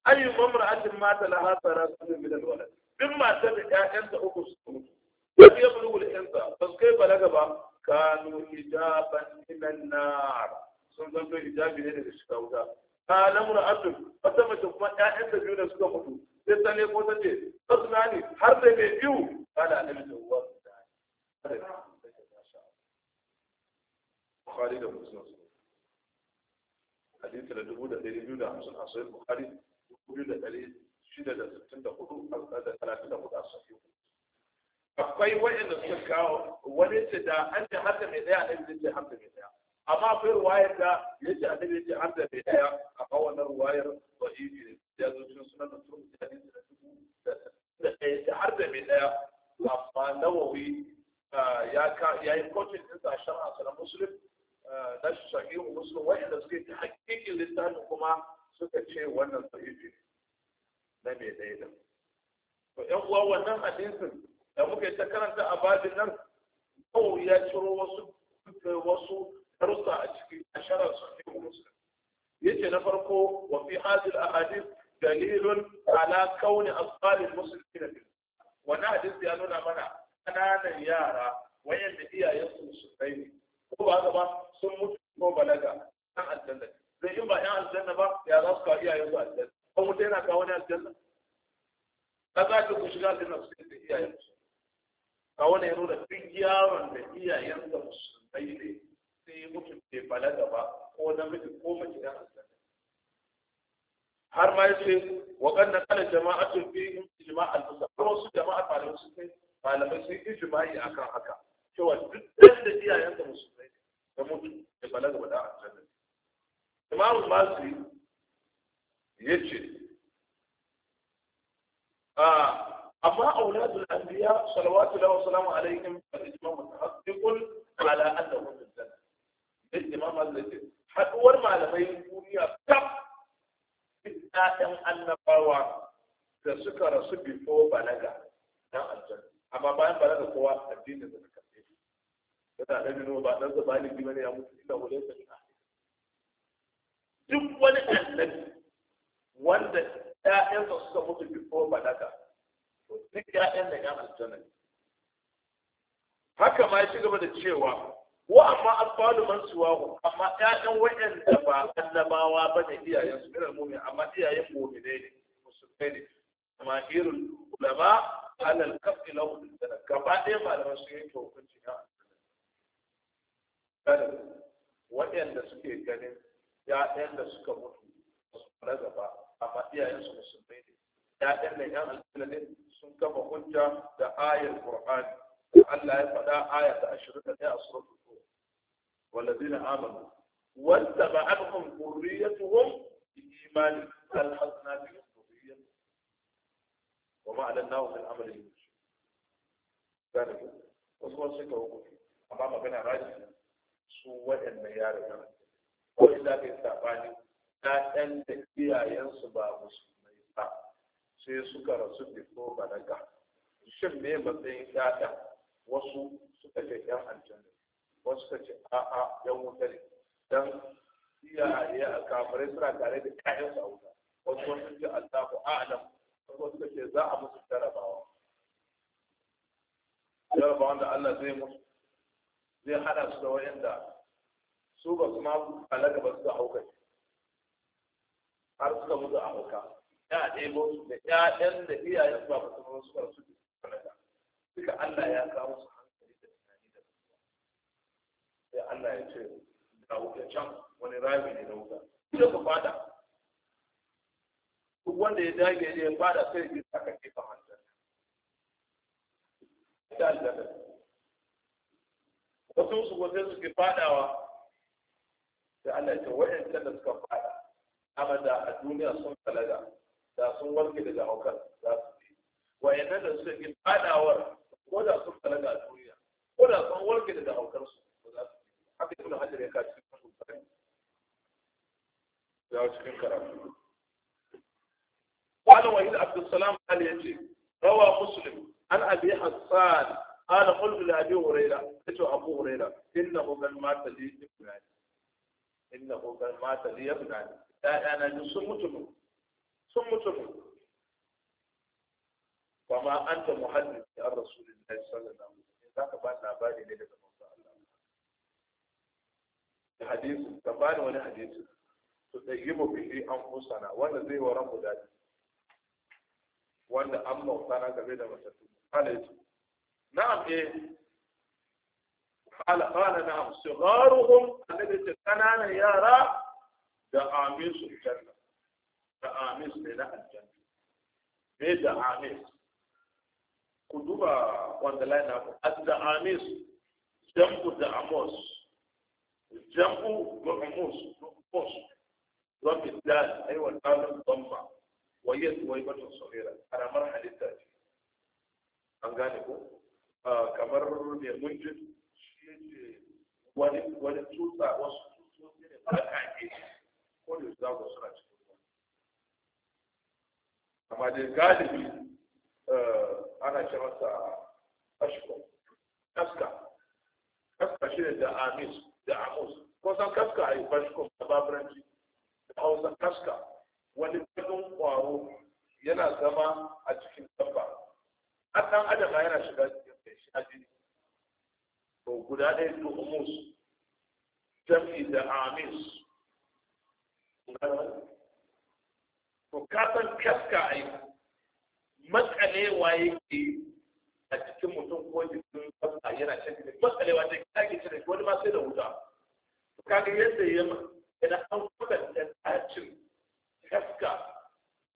Speaker 1: ayyu mamra'atin mata laha tsara min al wani, bin matar da ƴaƴanta uku su mutu لم يبلغ الإنسان بس كيف لك بقى كانوا حجابا من النار sun zanto hijabi ne daga shiga wuta alamur abdul wata mace kuma ƴaƴan da biyu da suka mutu sai ta leko ta ce tasna ne har da mai biyu kada annabi da uwa Bukhari da Muslim hadisi da dubu da ɗari biyu da hamsin a sahih Bukhari dubu biyu da ɗari shida da sittin da hudu a talatin da hudu a sahih akwai da suka kawo wani ce da an ce haka mai daya annabi zai ce hamsa mai daya amma akwai ruwayar da ya ce annabi zai ce hamsa mai daya a kawo wannan ruwayar ba ne ya zo cikin sunan da sun da ne da ɗaya ce har da mai daya amma nawawi ya yi kotun din sa shan asalin musulun na shahihu musulun da suka yi hakikin littafin kuma suka ce wannan sahihi ne na mai daya da. To ‘yan uwa wannan hadisin da muka yi ta karanta a babin nan kawai ya ciro wasu wasu darussa a cikin asharar sahihu muslim yace na farko wa fi hadil ahadith dalilun ala kauni asqalil muslimin wannan hadisi ya nuna mana kananan yara wayanda iyayensu su kai ko ba ba sun mutu ko balaga kan aljanna zai in ba yan aljanna ba ya za su kawo iyayen su aljanna ko mutu yana kawo ne aljanna kaza ki ku shiga aljanna su da iyayen su ga wani ya nuna duk yawon da iyayensa musulmai ne sai mutum ke bala gaba ko na miji ko mace ya hankali har ma yace wa kanna kana jama'atu fihim ijma' al-musulmin su jama'a malamai su kai malamai sun ijma'i akan haka cewa duk da iyayensa musulmai ne da mutum ke bala gaba da hankali imamu masu yace a ah, أما أولاد الأنبياء صلوات الله وسلامه عليهم الإمام متحقق على أنهم في الجنة الإمام الذي haɗuwar malamai duniya kaf ɗaɗin annabawa da suka rasu bifo balaga dan aljanna amma bayan balaga kowa addinin da suka fi da da ɗan ba ɗan zabani bi bane ya mutu illa wale ta ina duk wani annabi wanda ɗayansa suka mutu bifo balaga duk ƴaƴan da ƴan aljanna haka ma ya ci gaba da cewa wa amma alfalu man suwahu amma ƴaƴan waɗanda ba annabawa ba ne iyayen su irin mumin amma iyayen mu'minai ne musulmai ne amma irin ulama alal kafi da na, gaba ɗaya malaman su yanke hukunci na kada waɗanda suke ganin ƴaƴan da suka mutu ba su fara gaba amma iyayen su musulmai ne ƴaƴan da ƴan aljanna ne sun kafa hujja da ayar Qur'ani da Allah ya faɗa aya ta 21 a suratul Tur والذين آمنوا واتبعتهم ذريتهم بإيمان ألحقنا بهم ذريتهم وما أعلناه من عملهم ذلك وصوى سكة وقفي أما ما بين راجل سوى الميار وإذا كنت أباني لا أنت إياه ينصب أبوسك sai suka rasu bifo balaga shin me matsayin ƴaƴa wasu suka ce ƴan aljanna wasu suka ce a'a yan wuta ne dan iyaye a kafirai suna tare da ƴaƴan su a wuta wasu wasu ce Allahu a'lam wasu suka ce za a musu jarabawa Jarabawa da Allah zai musu zai haɗa su da wayanda su ba su ma balaga ba su da hauka har suka mutu a hauka ya ɗebo su da ƴaƴan da iyayen ba su su suka su duka Allah ya kawo su hankali da tunani da sai Allah ya ce ga wuta can wani rami ne na wuta sai ku fada duk wanda ya dage ne ya fada sai ya saka kifa hantar ita aljanna wasu su wasu suke fadawa sai Allah ya ce wa'yan da suka fada abada a duniya sun talaga da sun warke daga haukar za su wa yadda da suka ki fadawar ko da sun balaga a duniya ko da sun warke daga haukar su ko za su yi haka ibnu hajar ya kaci cikin sultan ya cikin karatu قال وحيد عبد السلام ya ce rawa مسلم an abi hassan قال قلت لابي هريره قلت ابو هريره انه قد مات لي ابناني انه قد مات لي ابناني انا جسم ثم تموت وما أنت محدث يا رسول الله صلى الله عليه وسلم ذاك بان نبالي ليلة موسى الله الحديث تبان وانا حديث تتجيب به أنفسنا وانا زي ورم ذات وانا أم موسانا كبيرا وشتوم قال إيه؟ نعم إيه قال قال نعم صغارهم الذي تتنان يرى دعامي سبحانه amis ne na aljanna me da amis ku duba wanda lai na adda amis jam'u da amos jam'u da amos amos ضم الدال أيوة الآن ضمة وهي ذويبة صغيرة على مرحلة التاج an gane ko kamar mai munjin shi ne wani tutsa wasu tutsoci ne ba ka ke ko da za ku suna ci amma dai galibi eh, ana ce masa ashko kaska kaska shi ne da amis da amus ko san kaska a yi bashko da baburanci da hausa kaska wani ɗan kwaro yana zama a cikin dabba Hannan ɗan adam yana shiga cikin shi a jini to guda ɗaya da amus jam'i da amis to ka san kaska ai matsalewa yake a cikin mutum ko jikin kaska yana shan jini matsalewa ta kage cire wani ma sai da wuta to kaga yadda ya yana an kwatanta tacin kaska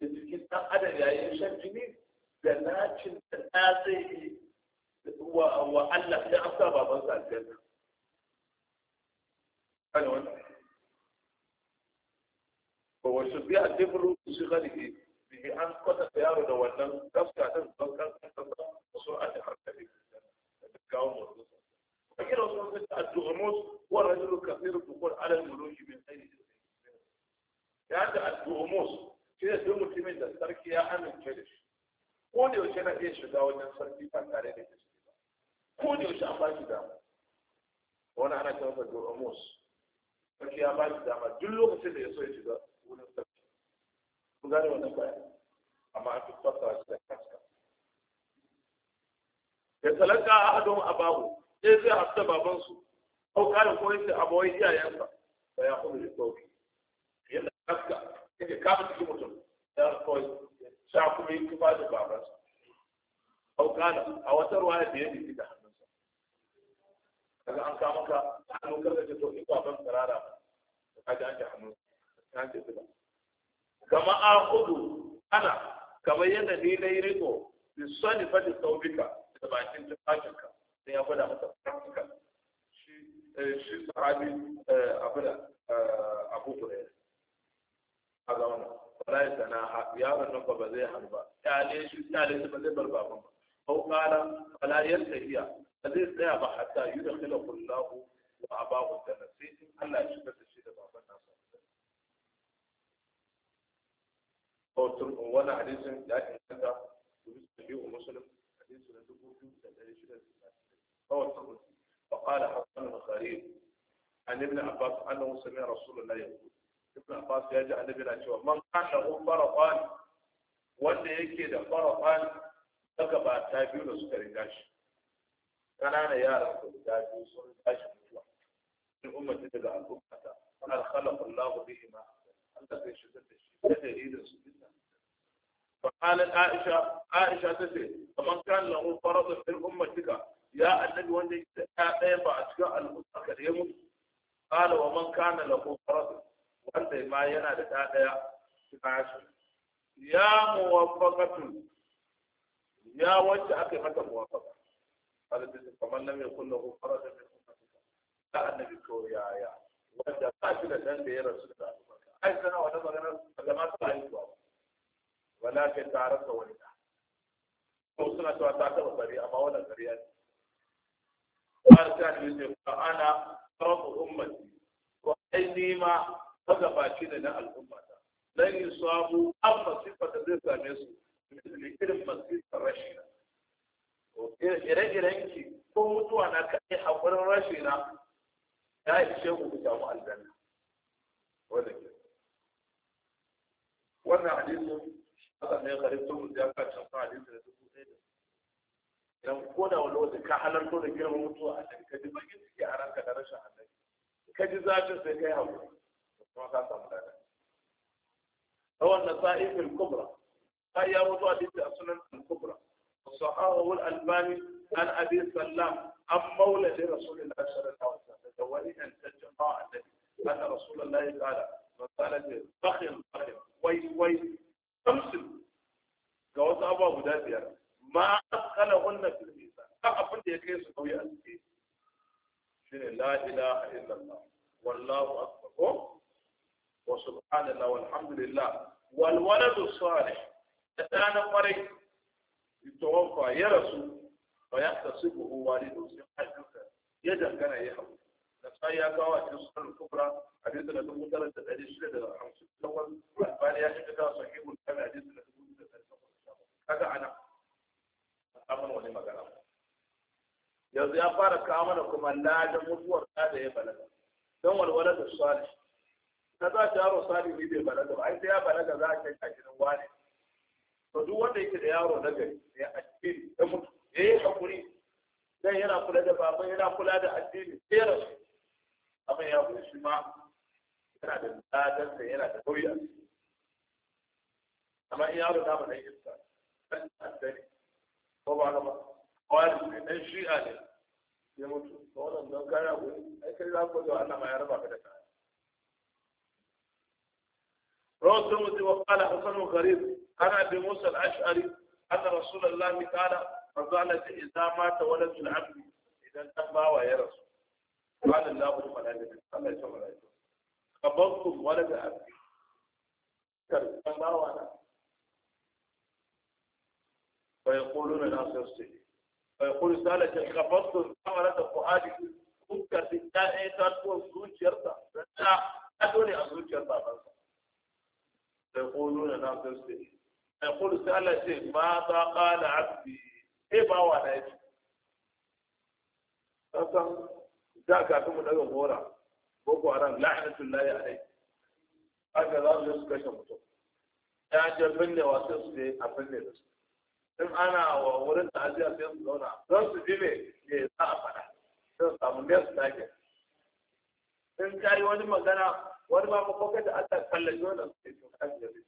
Speaker 1: da jikin ɗan adam yayin shan jini da nacin da ɗa zai yi wa Allah ya asa babansa aljanna. Kana wannan? ba wa shi biya dibru shi galibi an kwata yaro da wannan gaskiya din don kan kasa su a da harkari da kawo mutum fakira sun ce addu'umus wa rajulu kathirun dukhul ala al-muluki min khayri ya da addu'umus shi ne duk mutumin da sarki ya amince da shi ko da yaushe na iya shiga wajen sarki ba tare da shi ba ko da yaushe an ba shi dama wani ana cewa addu'umus sarki ya ba dama duk lokacin da ya so ya shiga wurin sarki kun gane amma an fi da kansa ya talaka adon abahu sai sai hafta babansu au kana ko yace abawai iyayensa da ya kuma da sauki yadda kaska yake kama cikin mutum da kawai sha kuma yi kuma da babansa au kana a wata ruwaya da ya bi da hannunsa kaga an kama ka hannu karka da to in baban tsirara kaga an ji hannun ta ce ba kama akudu ana kama yadda ni na yi riko su sani fadin saubika da bakin tufafinka sai ya gwada masa praktika shi eh, shi sahabi eh, abu da eh, abu ya a na? wala ya sana ha yaron nan ba zai haɗu ba tale shi tale shi ba zai bar baban ba ko kala wala tafiya ba zai tsaya ba hatta yudkhilahu Allahu wa abahu jannah sai in Allah ya shiga sautin uh, wannan hadisin ya inganta dubu da biyu musulun hadisin dubu biyu da ɗari shida da sautin فقال حسن الخريج عن ابن عباس انه سمع رسول الله يقول ابن عباس ya ji annabi na cewa man fara umbaratan wanda yake da farafan daga ba ta biyu da suka riga shi kanana yaran su da biyu sun tashi mutuwa in ummati daga al'ummata kana khalaqa Allah Allah zai shigar da shi ta dalilin su فقالت عائشة عائشة تسي فمن كان له فرض في تكا يا النبي وندي أبي فأشكى المتأخر يموت قال ومن كان له فرض وانت ما ينال هذا عائشة يا موفقة يا وجه أكي متى موفقة قال تسي فمن لم يكن له فرض في تكا لا النبي كوريا يا يا وجه قاتل الأنبياء رسول الله أي سنة ونظر أنا جماعة لا يتوقف wala ta tare da wani da ko suna cewa ta taba bari amma wannan kariya ne har ta ji ne fa ana rabu ummati ko ai ni ma magabaci ne na al'umma ta dan yusabu amma sifata zai same su irin masifar rashina ire-iren ki ko mutuwa na kai haƙurin rashina ya ishe ku mu aljanna wannan hadisi أولا صائف الكبرى هيا وضع ديت السنن الكبرى الصحابة والألباني عن أبي سلام أم مولى لرسول الله صلى الله عليه وسلم دوري أن تجمع أن رسول الله تعالى فقال فخر فخر ويل ويل amsin ga wasu abubuwa guda biyar ma askala wannan filmisa kan abin da ya kai su kauye a ciki shi ne la ilaha illallah wallahu akbar ko wa subhanallah walhamdulillah wal waladu salih da ɗana kwarai yatawaffa ya rasu fa yahta sibu walidu sai hajjuka ya dangana ya hawo sai ya kawo a cikin sunan kubra hadisi na dubu tara da ɗari shida da hamsin takwas albani ya shiga ta sahihul a hadisi na dubu da ɗari takwas kaga ana amon wani magana yanzu ya fara kawo mana kuma ladan mutuwar da ya balaga don walwalar da salih ka za ta yaro salihu bai balaga ba ai sai ya balaga za a kai a gidan wane to duk wanda yake da yaro na gari ya addini ya mutu ya yi hakuri dan yana kula da baban yana kula da addini sai rasu أما يا أبو شما يرى الزادة سيرى الدوية أما يا أبو دام الأيسا الثاني هو على ما قال من شيء عليه يموت هو لم يكن يأبو أكل لا أن ما يرى بعد
Speaker 2: رسول الله
Speaker 1: وقال حسن غريب أنا بموسى الأشعري أن رسول الله تعالى فضالة إذا مات ولد العبد إذا تبا ويا رسول قال الله الملائكة الله يسوع ملائكة قبضتم ولد أبي كرسان ما وانا فيقولون لا سيصلي فيقول سالة قبضتم ولد فؤادي kuka ta ɗaya ta tuwa zuciyarta ta ta dole a zuciyarta ta sa sai kolo na na sai sai sai kolo sai Allah ce ma ta ƙala abdi e ba wa na yi ta san Za da kafin mu daga ko boko haram la'anatul lahi alai haka za su su kashe mutum ya ce binne wasu su je a binne da su in ana wa wurin da ajiya sai su zauna don su ji me me za a faɗa sai su samu ne su take in ka yi wani magana wani ba makwakwa da Allah kallashi wanda su ke cin kashi da su.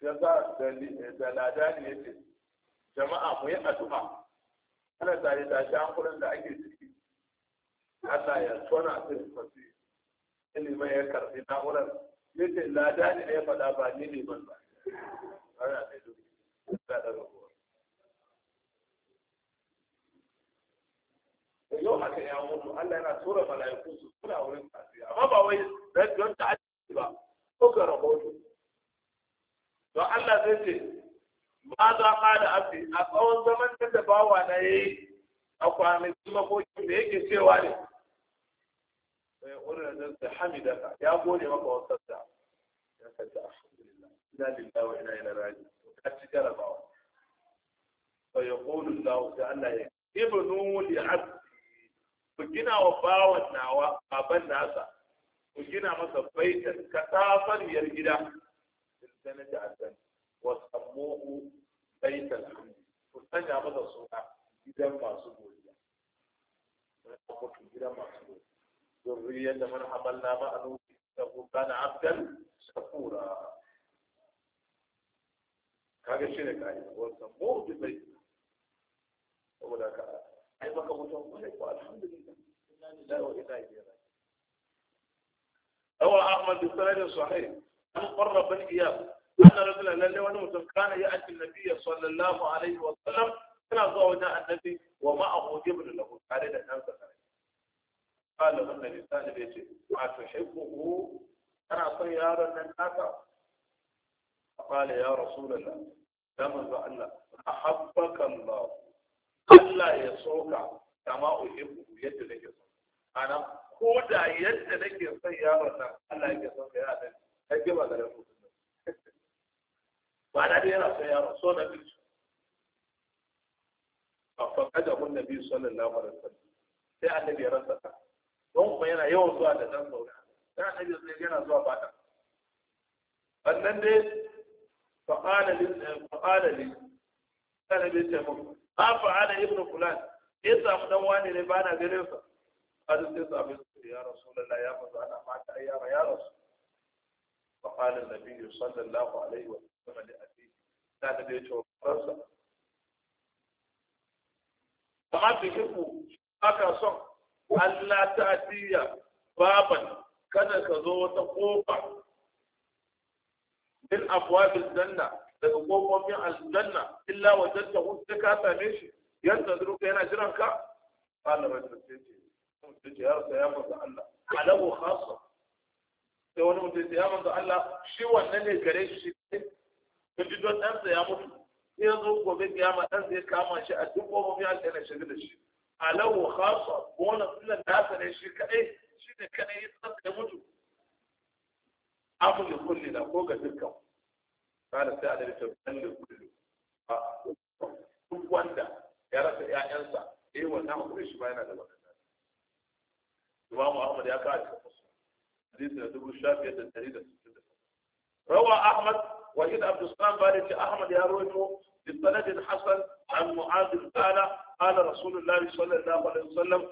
Speaker 1: sa da ladani ya ce, jama'a mu yi addu'a ana tare da shi hankulan da ake ciki Allah ya tona su fasi ilimin ya karfi na'urar yace lada ne ya faɗa ba ni ne ban ba ana da duk da da rabuwa yau haka ya mutu Allah yana tura mala'iku su tura wurin tafiya amma ba wai don don ta'addi ba ko ga rahoto don Allah zai ce ma za ma da abdi a tsawon zaman da bawa na yi a kwanaki makokin da yake cewa ne sai wurin da ta ka ya gode maka wasan da ya kace alhamdulillah ina lillahi wa ina ilaihi raji ka ci jarabawa ya yaqulu Allah ta Allah ya ibnu li abdi ku gina wa bawan nawa baban nasa ku gina masa baitan kasafar yar gida sai na ji azan وسموه بيت العم فتنع بدا صوعا جدا ما سبول جدا ما سبول ذرية لمن حملنا مع نوح كان عبدا شكورا كاجا شنو كاي وسموه بيت أولا كأي بك الحمد لله لا وإلا إلا أولا أحمد بن صحيح أن قرب الإياب anna rajulan lalle wani mutum kana ya ajin nabiyya sallallahu alaihi wa sallam yana zuwa wajen annabi wa ma'ahu jibril lahu tare da ɗansa sa qala anna li talib yace ma tuhibbuhu kana son yaron nan naka qala ya rasulullah dama ga Allah ahabbaka Allah Allah ya soka kama uhibbu yadda nake so ana ko da yadda nake son yaron nan Allah ya soka ya dan kai ba da yana so ya so na bi su a fakaja hun nabi sallallahu lamarin wasallam sai annabi ya rasa ta don kuma yana yawan zuwa da dan saura dan annabi sai yana zuwa ba dan annan dai fa lil fa qala lil annabi sai mu a fa ala ibnu fulan ya samu dan wani ne ba na gare sa sai تسعة بسر يا رسول الله يا مزعنا معك أي يا رسول فقال النبي صلى الله عليه وسلم sama da asiri za amma ta hibu aka son Allah ta asiya baban kada ka zo wata kofa min abwabil janna daga kofofin aljanna illa wajen ta hutu ka same shi yadda zuruka yana jiran ka قال رجل سيدي ce ya rasa ya manzo Allah alahu khassa sai wani mutum ya manzo Allah shi wannan ne gare shi to don ɗansa ya mutu sai ya zo gobe ya ma ɗansa ya kama shi a duk gobe ya kai na shiga da shi alau khasa bona sunan da haka ne shi kaɗai shi ne kaɗai ya tsaka ya mutu abu ne kulle na ko ga dukkan kada sai a da ta kulli kulle a duk wanda ya rasa ƴaƴansa eh wannan hakuri shi ba yana da wannan Imam Ahmad ya kawo hadisi da dubu shafi da dari da sittin da. Rawa Ahmad وحيد عبد السلام قال أحمد يا رويتو بسند حسن عن معاذ قال قال رسول الله صلى الله عليه وسلم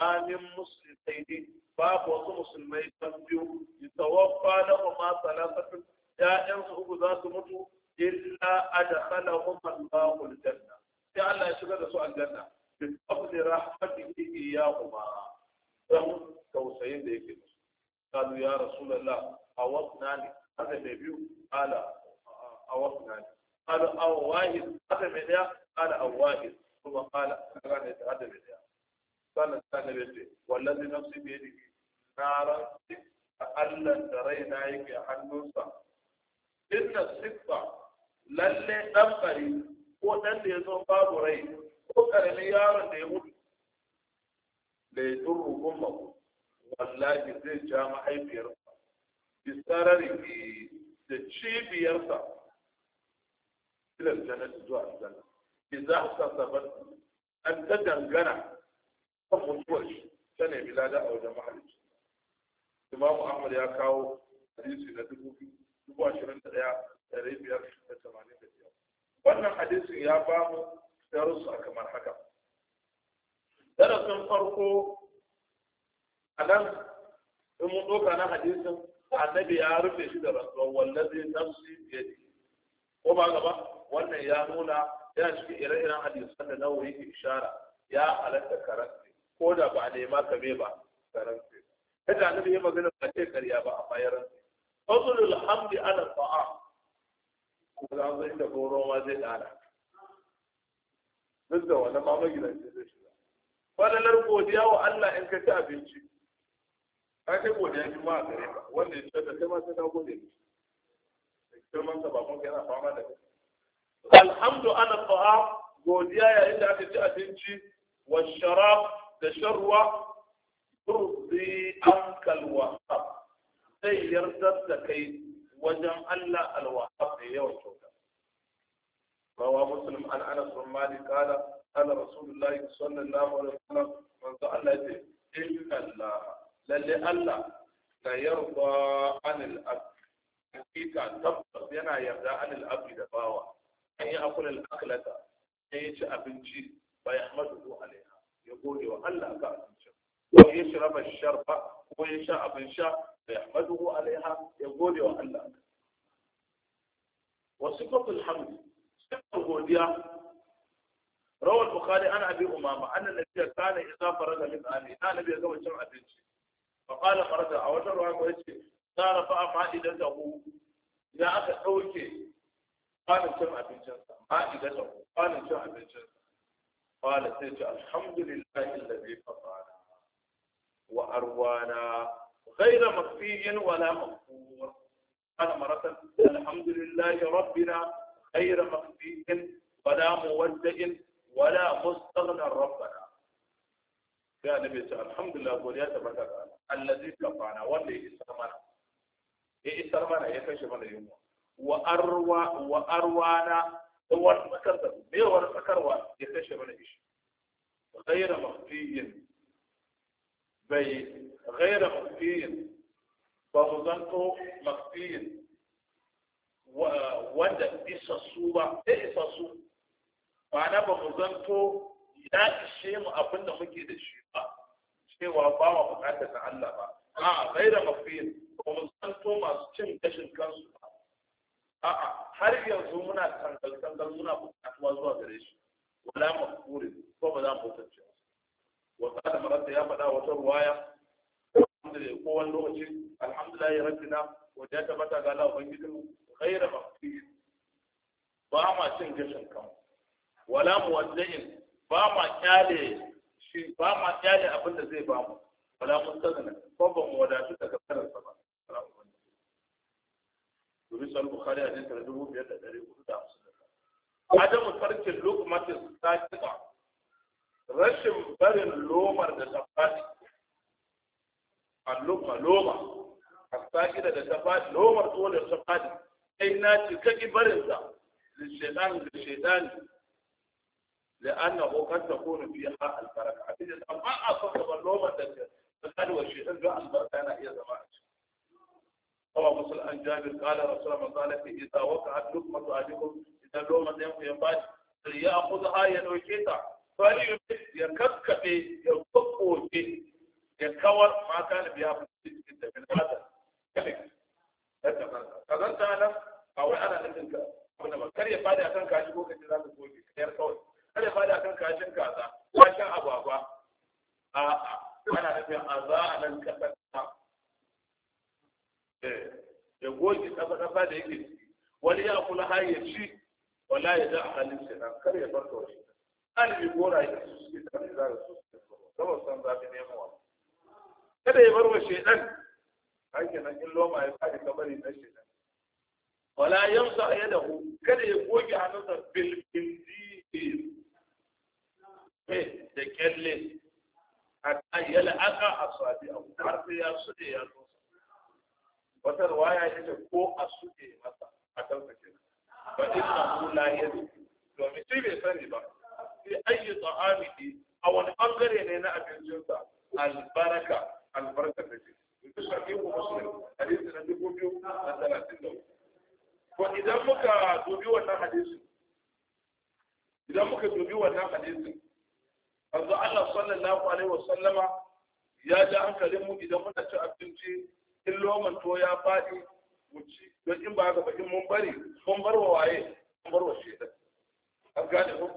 Speaker 1: ما من مسلمين باب وصو مسلمين تنبيو يتوفى لهما ثلاثة دائم سوء ذات متو إلا أدخلهم الله الجنة يا الله يشكر سوء الجنة بفضل رحمته إياهما لهم توسعين ديكي قالوا يا رسول الله أوصنا لك هذا النبي قال أوفنا قال أو واحد هذا من يا قال أو واحد ثم قال كان هذا من يا قال كان بيتي والذي نفسي بيده نارا ألا ترينا يك حنوسا إن الصفة lalle ɗan ƙari ko ɗan da ya zo babu rai ko ƙaramin yaron da ya mutu da ya wallahi zai ja mahaifiyarsa bisarari da cibiyarsa ila aljanna zuwa aljanna idza sasabat an ta dangana kan mutuwar shi ta nemi lada a wajen mahalicci imamu ahmad ya kawo hadisi na dubu dubu ashirin da ɗaya ɗari biyar da tamanin da biyar wannan hadisin ya ba mu a kamar haka darasin farko a nan in mun ɗauka na hadisin annabi ya rufe shi da rantsuwa wallazi nafsi yadi ko ba gaba wannan ya nuna yana cikin ire-iren hadisan na wuri ke ishara ya halatta karanci ko da ba a nema ka me ba karanci kada annabi ya magana ba ce karya ba a ya rantsi fadlul hamdi ala ta'a ko da an zai goro ma zai dara duk da wani ma magidanci zai shiga fadalar godiya wa Allah in ka ci abinci ka kai godiya ji ma a gare ka wanda ya ce da kai ma sai ka gode ne kai man ka ba kun yana fama da kai alhamdu ana ta'a godiya yayin da aka ci abinci wa sharab da sharwa turzi ankalwa sai yardar da kai wajen Allah alwahab da yawan kyauta. Rawa Muslim an ana sun mali kala ana Rasulullahi sallallahu alaihi Allah ya ce Allah lalle Allah da yarda anil abdi hakika yana yarda anil abdi da bawa. an yi akulal aklata Ya yi ci abinci ba ya ko alaiha ya gode wa Allah ga abincin ko ya shiraba sharfa, ko ya sha abin sha ba ya ko alaiha ya gode wa Allah wasu kofin hamdu sai godiya روى البخاري عن ابي امامه ان النبي كان اذا فرغ من امه كان النبي زوج جمع بنتي فقال فرغ او ترى ويجي صار فاما ادته اذا aka ɗauke. kwanin جمع abincinsa ma'ida da kwanin cin abincinsa kwala sai ce alhamdulillahi lalzi fafana wa غير مخفي ولا مغفور قال مرة الحمد لله ربنا غير مخفي ولا مودع ولا مستغنى ربنا يا نبي الحمد لله قول يا تبارك الله الذي كفانا واللي استمنا إيه استمنا يا إيه كشف من wa arwa wa arwana da wani tsakar da me wani tsakarwa ya kashe mana shi غير مخفي bai غير مخفي ba mu zanto mafiyin wanda isa su ba isa su. ba na ba mu zanto ya ishe mu abin da muke da shi ba cewa ba wa bukatar na Allah ba a bai da mafiyin ba mu zanto masu cin gashin kansu ba a'a har yanzu muna tangal tangal muna bukatuwa zuwa gare shi wala mafkuri ko ba za mu tantance wa kada marata ya faɗa wata ruwaya alhamdulillah ko wani lokaci alhamdulillah rabbina wa da ta bata gala ubangijinmu ghaira mafkuri ba ma cin gashin kan wala muwadda'in ba ma kyale shi ba ma kyale abin da zai ba mu wala mustazna ko ba mu wadatu daga karansa ba domin sahih a hadisi na dubu biyar da ɗari hudu da hamsin da ɗaya adamu farkin lokumatin sakita rashin barin lomar da ta faɗi alluma loma a sakita da ta faɗi lomar tuwo da ta faɗi na ce kaki barinsa للشيطان للشيطان لأنه قد تكون فيها البركة عزيز ما أصدق اللومة تجد فقال albarka yana iya zama a cikin. روى مسلم عن جابر قال رسول الله nan wai ana nufin ka wanda ba kar ya fadi akan kashi ko kace za ka goge kayar kawai kar ya fadi akan kashin kaza kashin agwagwa a ana nufin a za a nan Eh, ya goge tsaba-tsaba da yake wani ya kula har ya ci wala ya da a halin shi na kar ya bar ta wani an yi gora ya su suke da wani zara su suke gaba san zafi neman wa. kada ya bar wa shaidan hake nan in loma ya fadi kabari na shaidan wala yamsa a yadahu kada ya goge hannunsa bilbindi eh, da kyalle a yala aka a sabi abu har sai ya sude ya zo wata ruwaya ya ce ko a suke masa a kansa ke ba ina kula ya domin shi bai sani ba sai ayyu ta'amidi a wani bangare ne na abincinsa albaraka albarka ta ce duk sarki ko musulmi hadisi na dubu biyu na talatin da uku ko idan muka dubi wannan hadisi idan muka dubi wannan hadisi azza Allah sallallahu alaihi wa sallama ya ji hankalin mu idan muna cin abinci in loman to ya faɗi mu ci don in ba haka in mun bari mun bar wa waye mun bar wa shedan an gane ko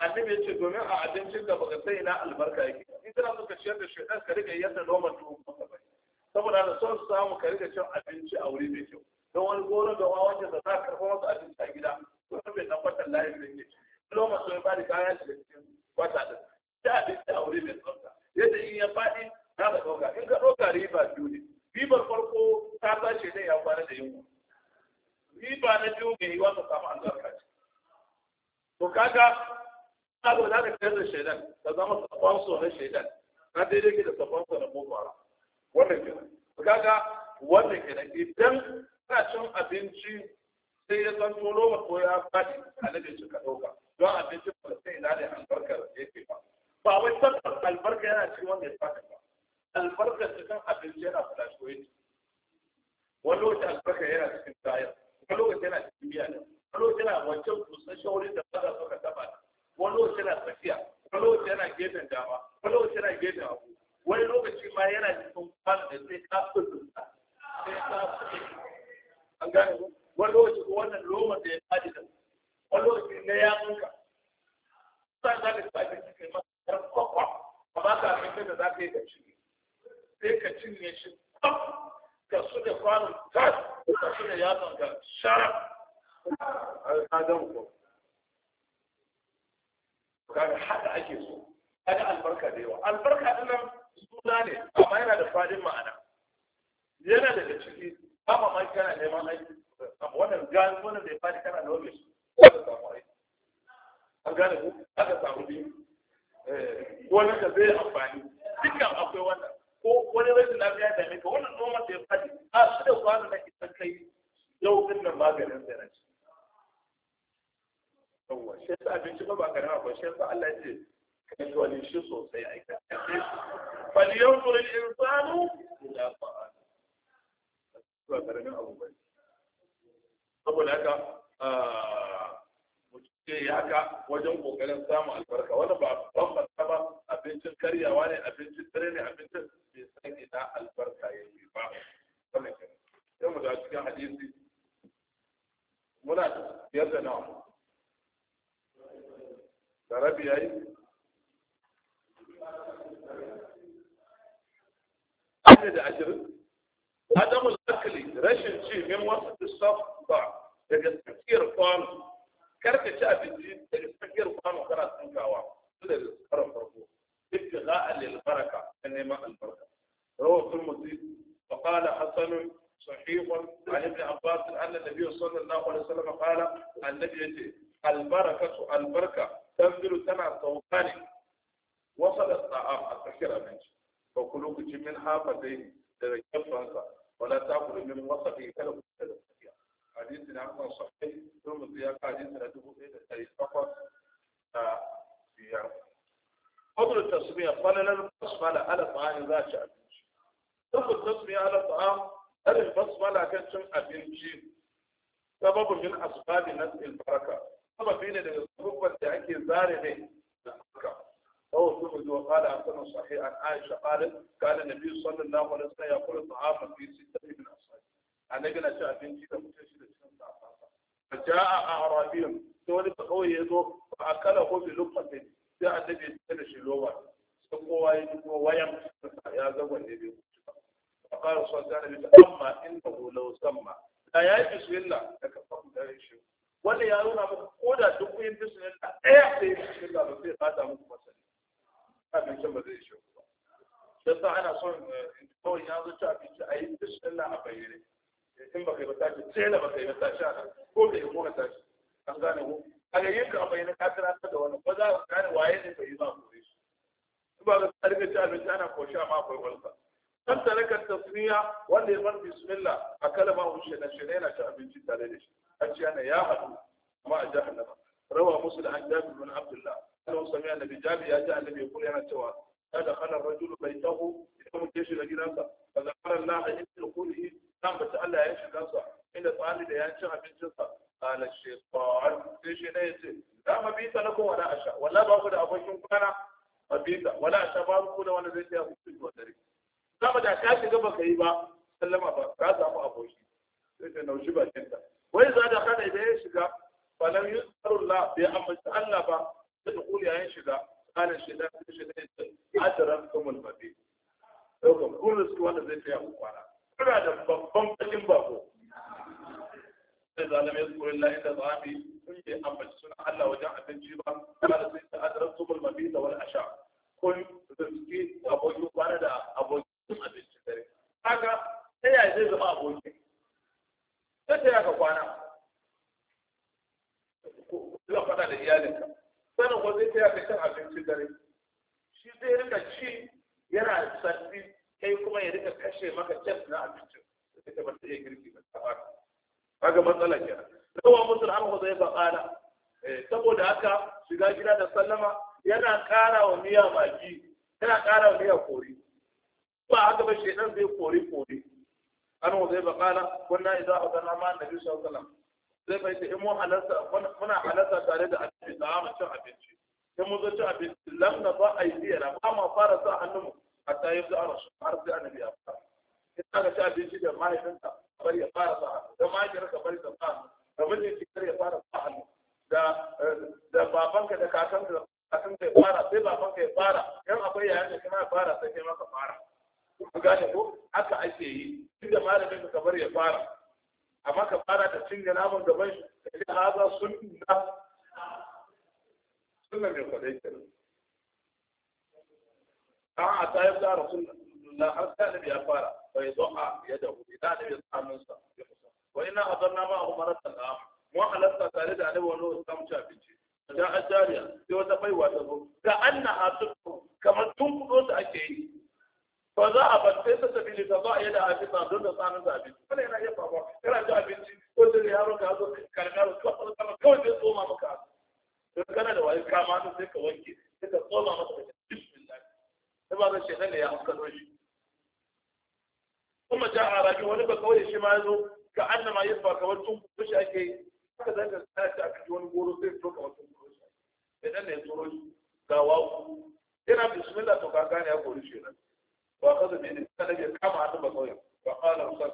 Speaker 1: annabi ya ce domin a abincin da baka sai na albarka yake in kana so ka ciyar da shedan ka riga yadda loman to baka bari saboda da son samu ka riga cin abinci a wuri mai kyau don wani goro da wawa wanda za ka karɓa wasu abinci a gida ko bai tabbatar layin da yake loman to ya ba da kayan da cikin kwata din ta abinci a wuri mai tsafta yadda in ya faɗi za ka ɗauka in ka ɗauka riba biyu ne ribar farko ta zace ne ya kwana da yunwa riba na biyu mai yiwa ka samu albarka ce to kaga ta zo da kai da shaidan ka zama sponsor na shaidan ka daidai ke da sponsor na mubara wannan kenan to kaga wannan kenan idan kana cin abinci sai ya san tolo ma ko ya faɗi a nade ka ɗauka don abincin ba sai ina da albarkar yake ba ba wai sabon albarka yana cikin wanda ya faɗi ba albarkar cikin abinci yana fluctuating wani lokaci albarka yana cikin kayan wani lokaci yana cikin biya ne wani lokaci yana wancan busasshen wurin da ba za su ka taba wani lokaci yana tsakiya wani lokaci yana gefen dama wani lokaci yana gefen hagu wani lokaci ma yana cikin kwan da sai ka fi zuta sai ka fi an gane ku wani lokaci ko wannan lomar da ya faɗi da wani lokaci na ya sa za ka ci abinci kai ma ɗan kwakwa ba ka abinci da za ka yi da shi sai ka cinye shi ka su da kwanon tas ka su da yatsan ka sharaf ka zan ko kaga haka ake so kaga albarka da yawa albarka din nan suna ne amma yana da fadin ma'ana yana daga ciki ba mamaki kana neman aiki wannan gani wannan da ya fadi kana da wani su wanda samu aiki an gane ku aka samu biyu eh, wani da zai amfani dukkan akwai wannan ko wani rashin lafiya da mai ka wannan noma ya fadi a shi da kwanan da ita kai yau din nan maganin sai na yawwa shi yasa abinci ba ba karama ba shi yasa Allah ce ka yi wani shi sosai a ita falyanzur al-insanu ila ta'am ba karamin abu saboda haka ah, sai ya haka wajen kokarin samun albarka wanda ba bambanta ba abincin karyawa ne abincin dare ne abincin bai san ina albarka ya yi ba wannan kenan sai mu da cikin hadisi muna biyar da nawa da rabi yayi Ake da ashirin, Adamu Zakali rashin ci min wasu da daga tsakiyar kwano karka ci abinci da tsakiyar kwano kana tsinkawa tun da karon farko ibti za'a lil baraka ta neman albarka rawa tun mutu wa kala hasanun sahihun a ibn abbas annan nabi sallallahu alaihi wasallam kala annabi yace albaraka su albarka tanzilu tana sauƙani wasala sa'am a tsakiyar abinci fa kulu kuci min hafa daga kyanfansa wala ta kulu min wasafi kada ku tsakiyar hadisi na abuwa sahai sun mutu ya ka hadisi na dubu ɗaya da ɗari takwas da biyar fadlul tasmiya falalar basmala ala ta'ani za a ci abinci fadlul tasmiya ala ta'am alif basmala kan cin abinci sababu min asbabi nasil baraka sababi ne daga sababban da ake zare ne da baraka أو ثم وقال أحسن صحيح عن عائشة قالت كان النبي صلى الله عليه وسلم يقول الطعام في ستة من أصحابه annabi na ci abinci da mutum shi da cikin safansa fa jaa a'rabiyyun sai wani ba kawai ya zo fa akala ko bi lufatin sai annabi ya da shi lowa sai kowa ya dubo wayan ya zama ne bai mutu ba fa qala sallallahu alaihi wa sallam amma innahu law samma da ya yi bismillah da ka faɗi da shi wanda ya nuna muku ko da duk kun yi bismillah ɗaya sai bismillah ba sai fata muku masani abincin ba zai shi ba yasa ana son eh, kawai ya zo ci abinci a yi bismillah a bayyane in baka yi ba tashi tsela baka yi ba tashi ana ko bai yi ko ka tashi an gane ko a ga yinka a bayyana ka tana ta da wani ba za ka gane waye ne bai yi ba kore shi in ba ka tsarka ci abinci ana koshi amma akwai walka kan talakar tasmiya wanda ya bar bismillah a kalama hushe na shi yana ci abinci tare da shi an ci ana ya haɗu amma a jahannama rawa musu da an jabi bin abdullah annabi samiya annabi jabi ya ji annabi ya kula yana cewa Ya kada kana rajulu baitahu idan mutum shi shiga gidansa Ba za fa na Allah inda cin abincinsa qala shaytan sai shi ne yace da bi ta lakum wala asha ba ku da abokin kwana bi ta wala asha ba ku da wanda zai tsaya ku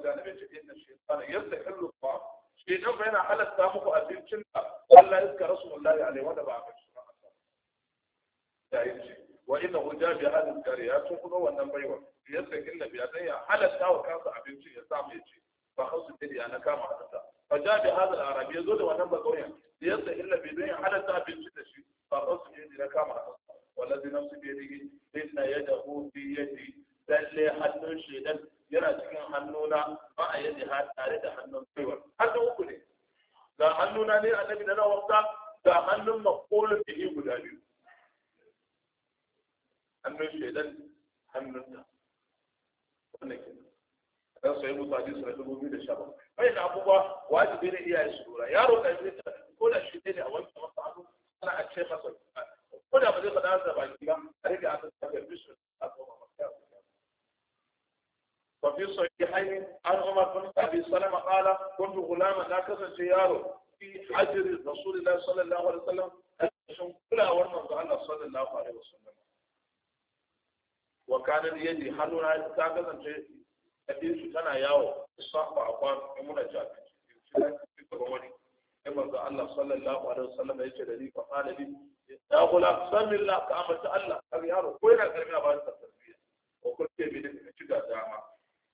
Speaker 1: da annabi ce inna shaytan yastahillu fa shi dan yana halatta muku abincin da Allah ya rasu rasulullahi alaihi wa da ba a yayin ce wa inna huja bi hadin kare ya tun kuma wannan baiwa yastahillu bi dan ya halatta wa kansa abincin ya samu ya ce ba hausu dili na kama halatta fa ja bi hadal arabi yazo da wannan bazoyan yastahillu bi dan ya halatta abincin da shi ba hausu dili na kama a halatta wallazi nafsi bi yadihi inna yadahu bi yadihi lalle hannun shaidan yana cikin hannuna ba a yadda ha tare da hannun kaiwar hannu uku ne ga hannuna ne annabi na wasa ga hannun makolin da yi guda biyu hannun shaidan hannun ta wannan ke dan sai mutu hadisi na dubu biyu da sha bakwai wani abubuwa wajibi ne iyaye su lura yaro ka yi zai ta ko da shi ne a wanke masa hannu ana a ce masa ko da ba zai faɗa da baki ba a rage a tattaɓa bisu a koma وفي صحيحين عن عمر بن ابي سلمه قال كنت غلاما لا كسر يارو في حجر رسول الله صلى الله عليه وسلم عشان كل ورنا الله صلى الله عليه وسلم وكان بيدي حلنا تاكسن شيء أديس تنا ياو الصحبة أقوام يمنا جابي كما الله صلى الله عليه وسلم يجد لي فقال لي يا غلام سم الله كما الله أبي هارو وين أكرمي أبغى التربية وكل شيء بيدك تجد دعمك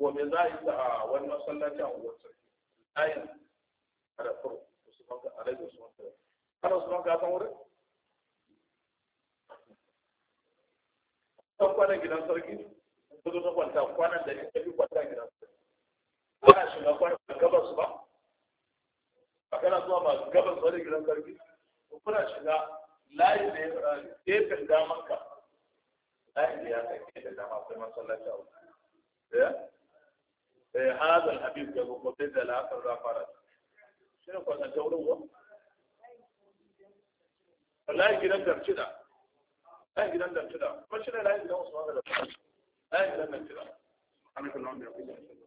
Speaker 1: gobe za a yi ta a wani masallaci a unguwar sarki ayin a da furo usman ka a rage usman ka kana usman ka san wurin kan kwanan gidan sarki ko zo ta kwanan da ya fi kwanta gidan sarki ana shiga kwanan da gabas ba a kana zuwa ba gabas wani gidan sarki kuna shiga layin da ya damar ka? Layi da ya kai gefen damar akwai masallaci a wurin eh? Eh, hazal habib da ko sai da la'akar za fara shi ne kwanan ta wurin wa wallahi gidan garcida ai gidan garcida kuma shi ne layin gidan wasu usman da layin gidan garcida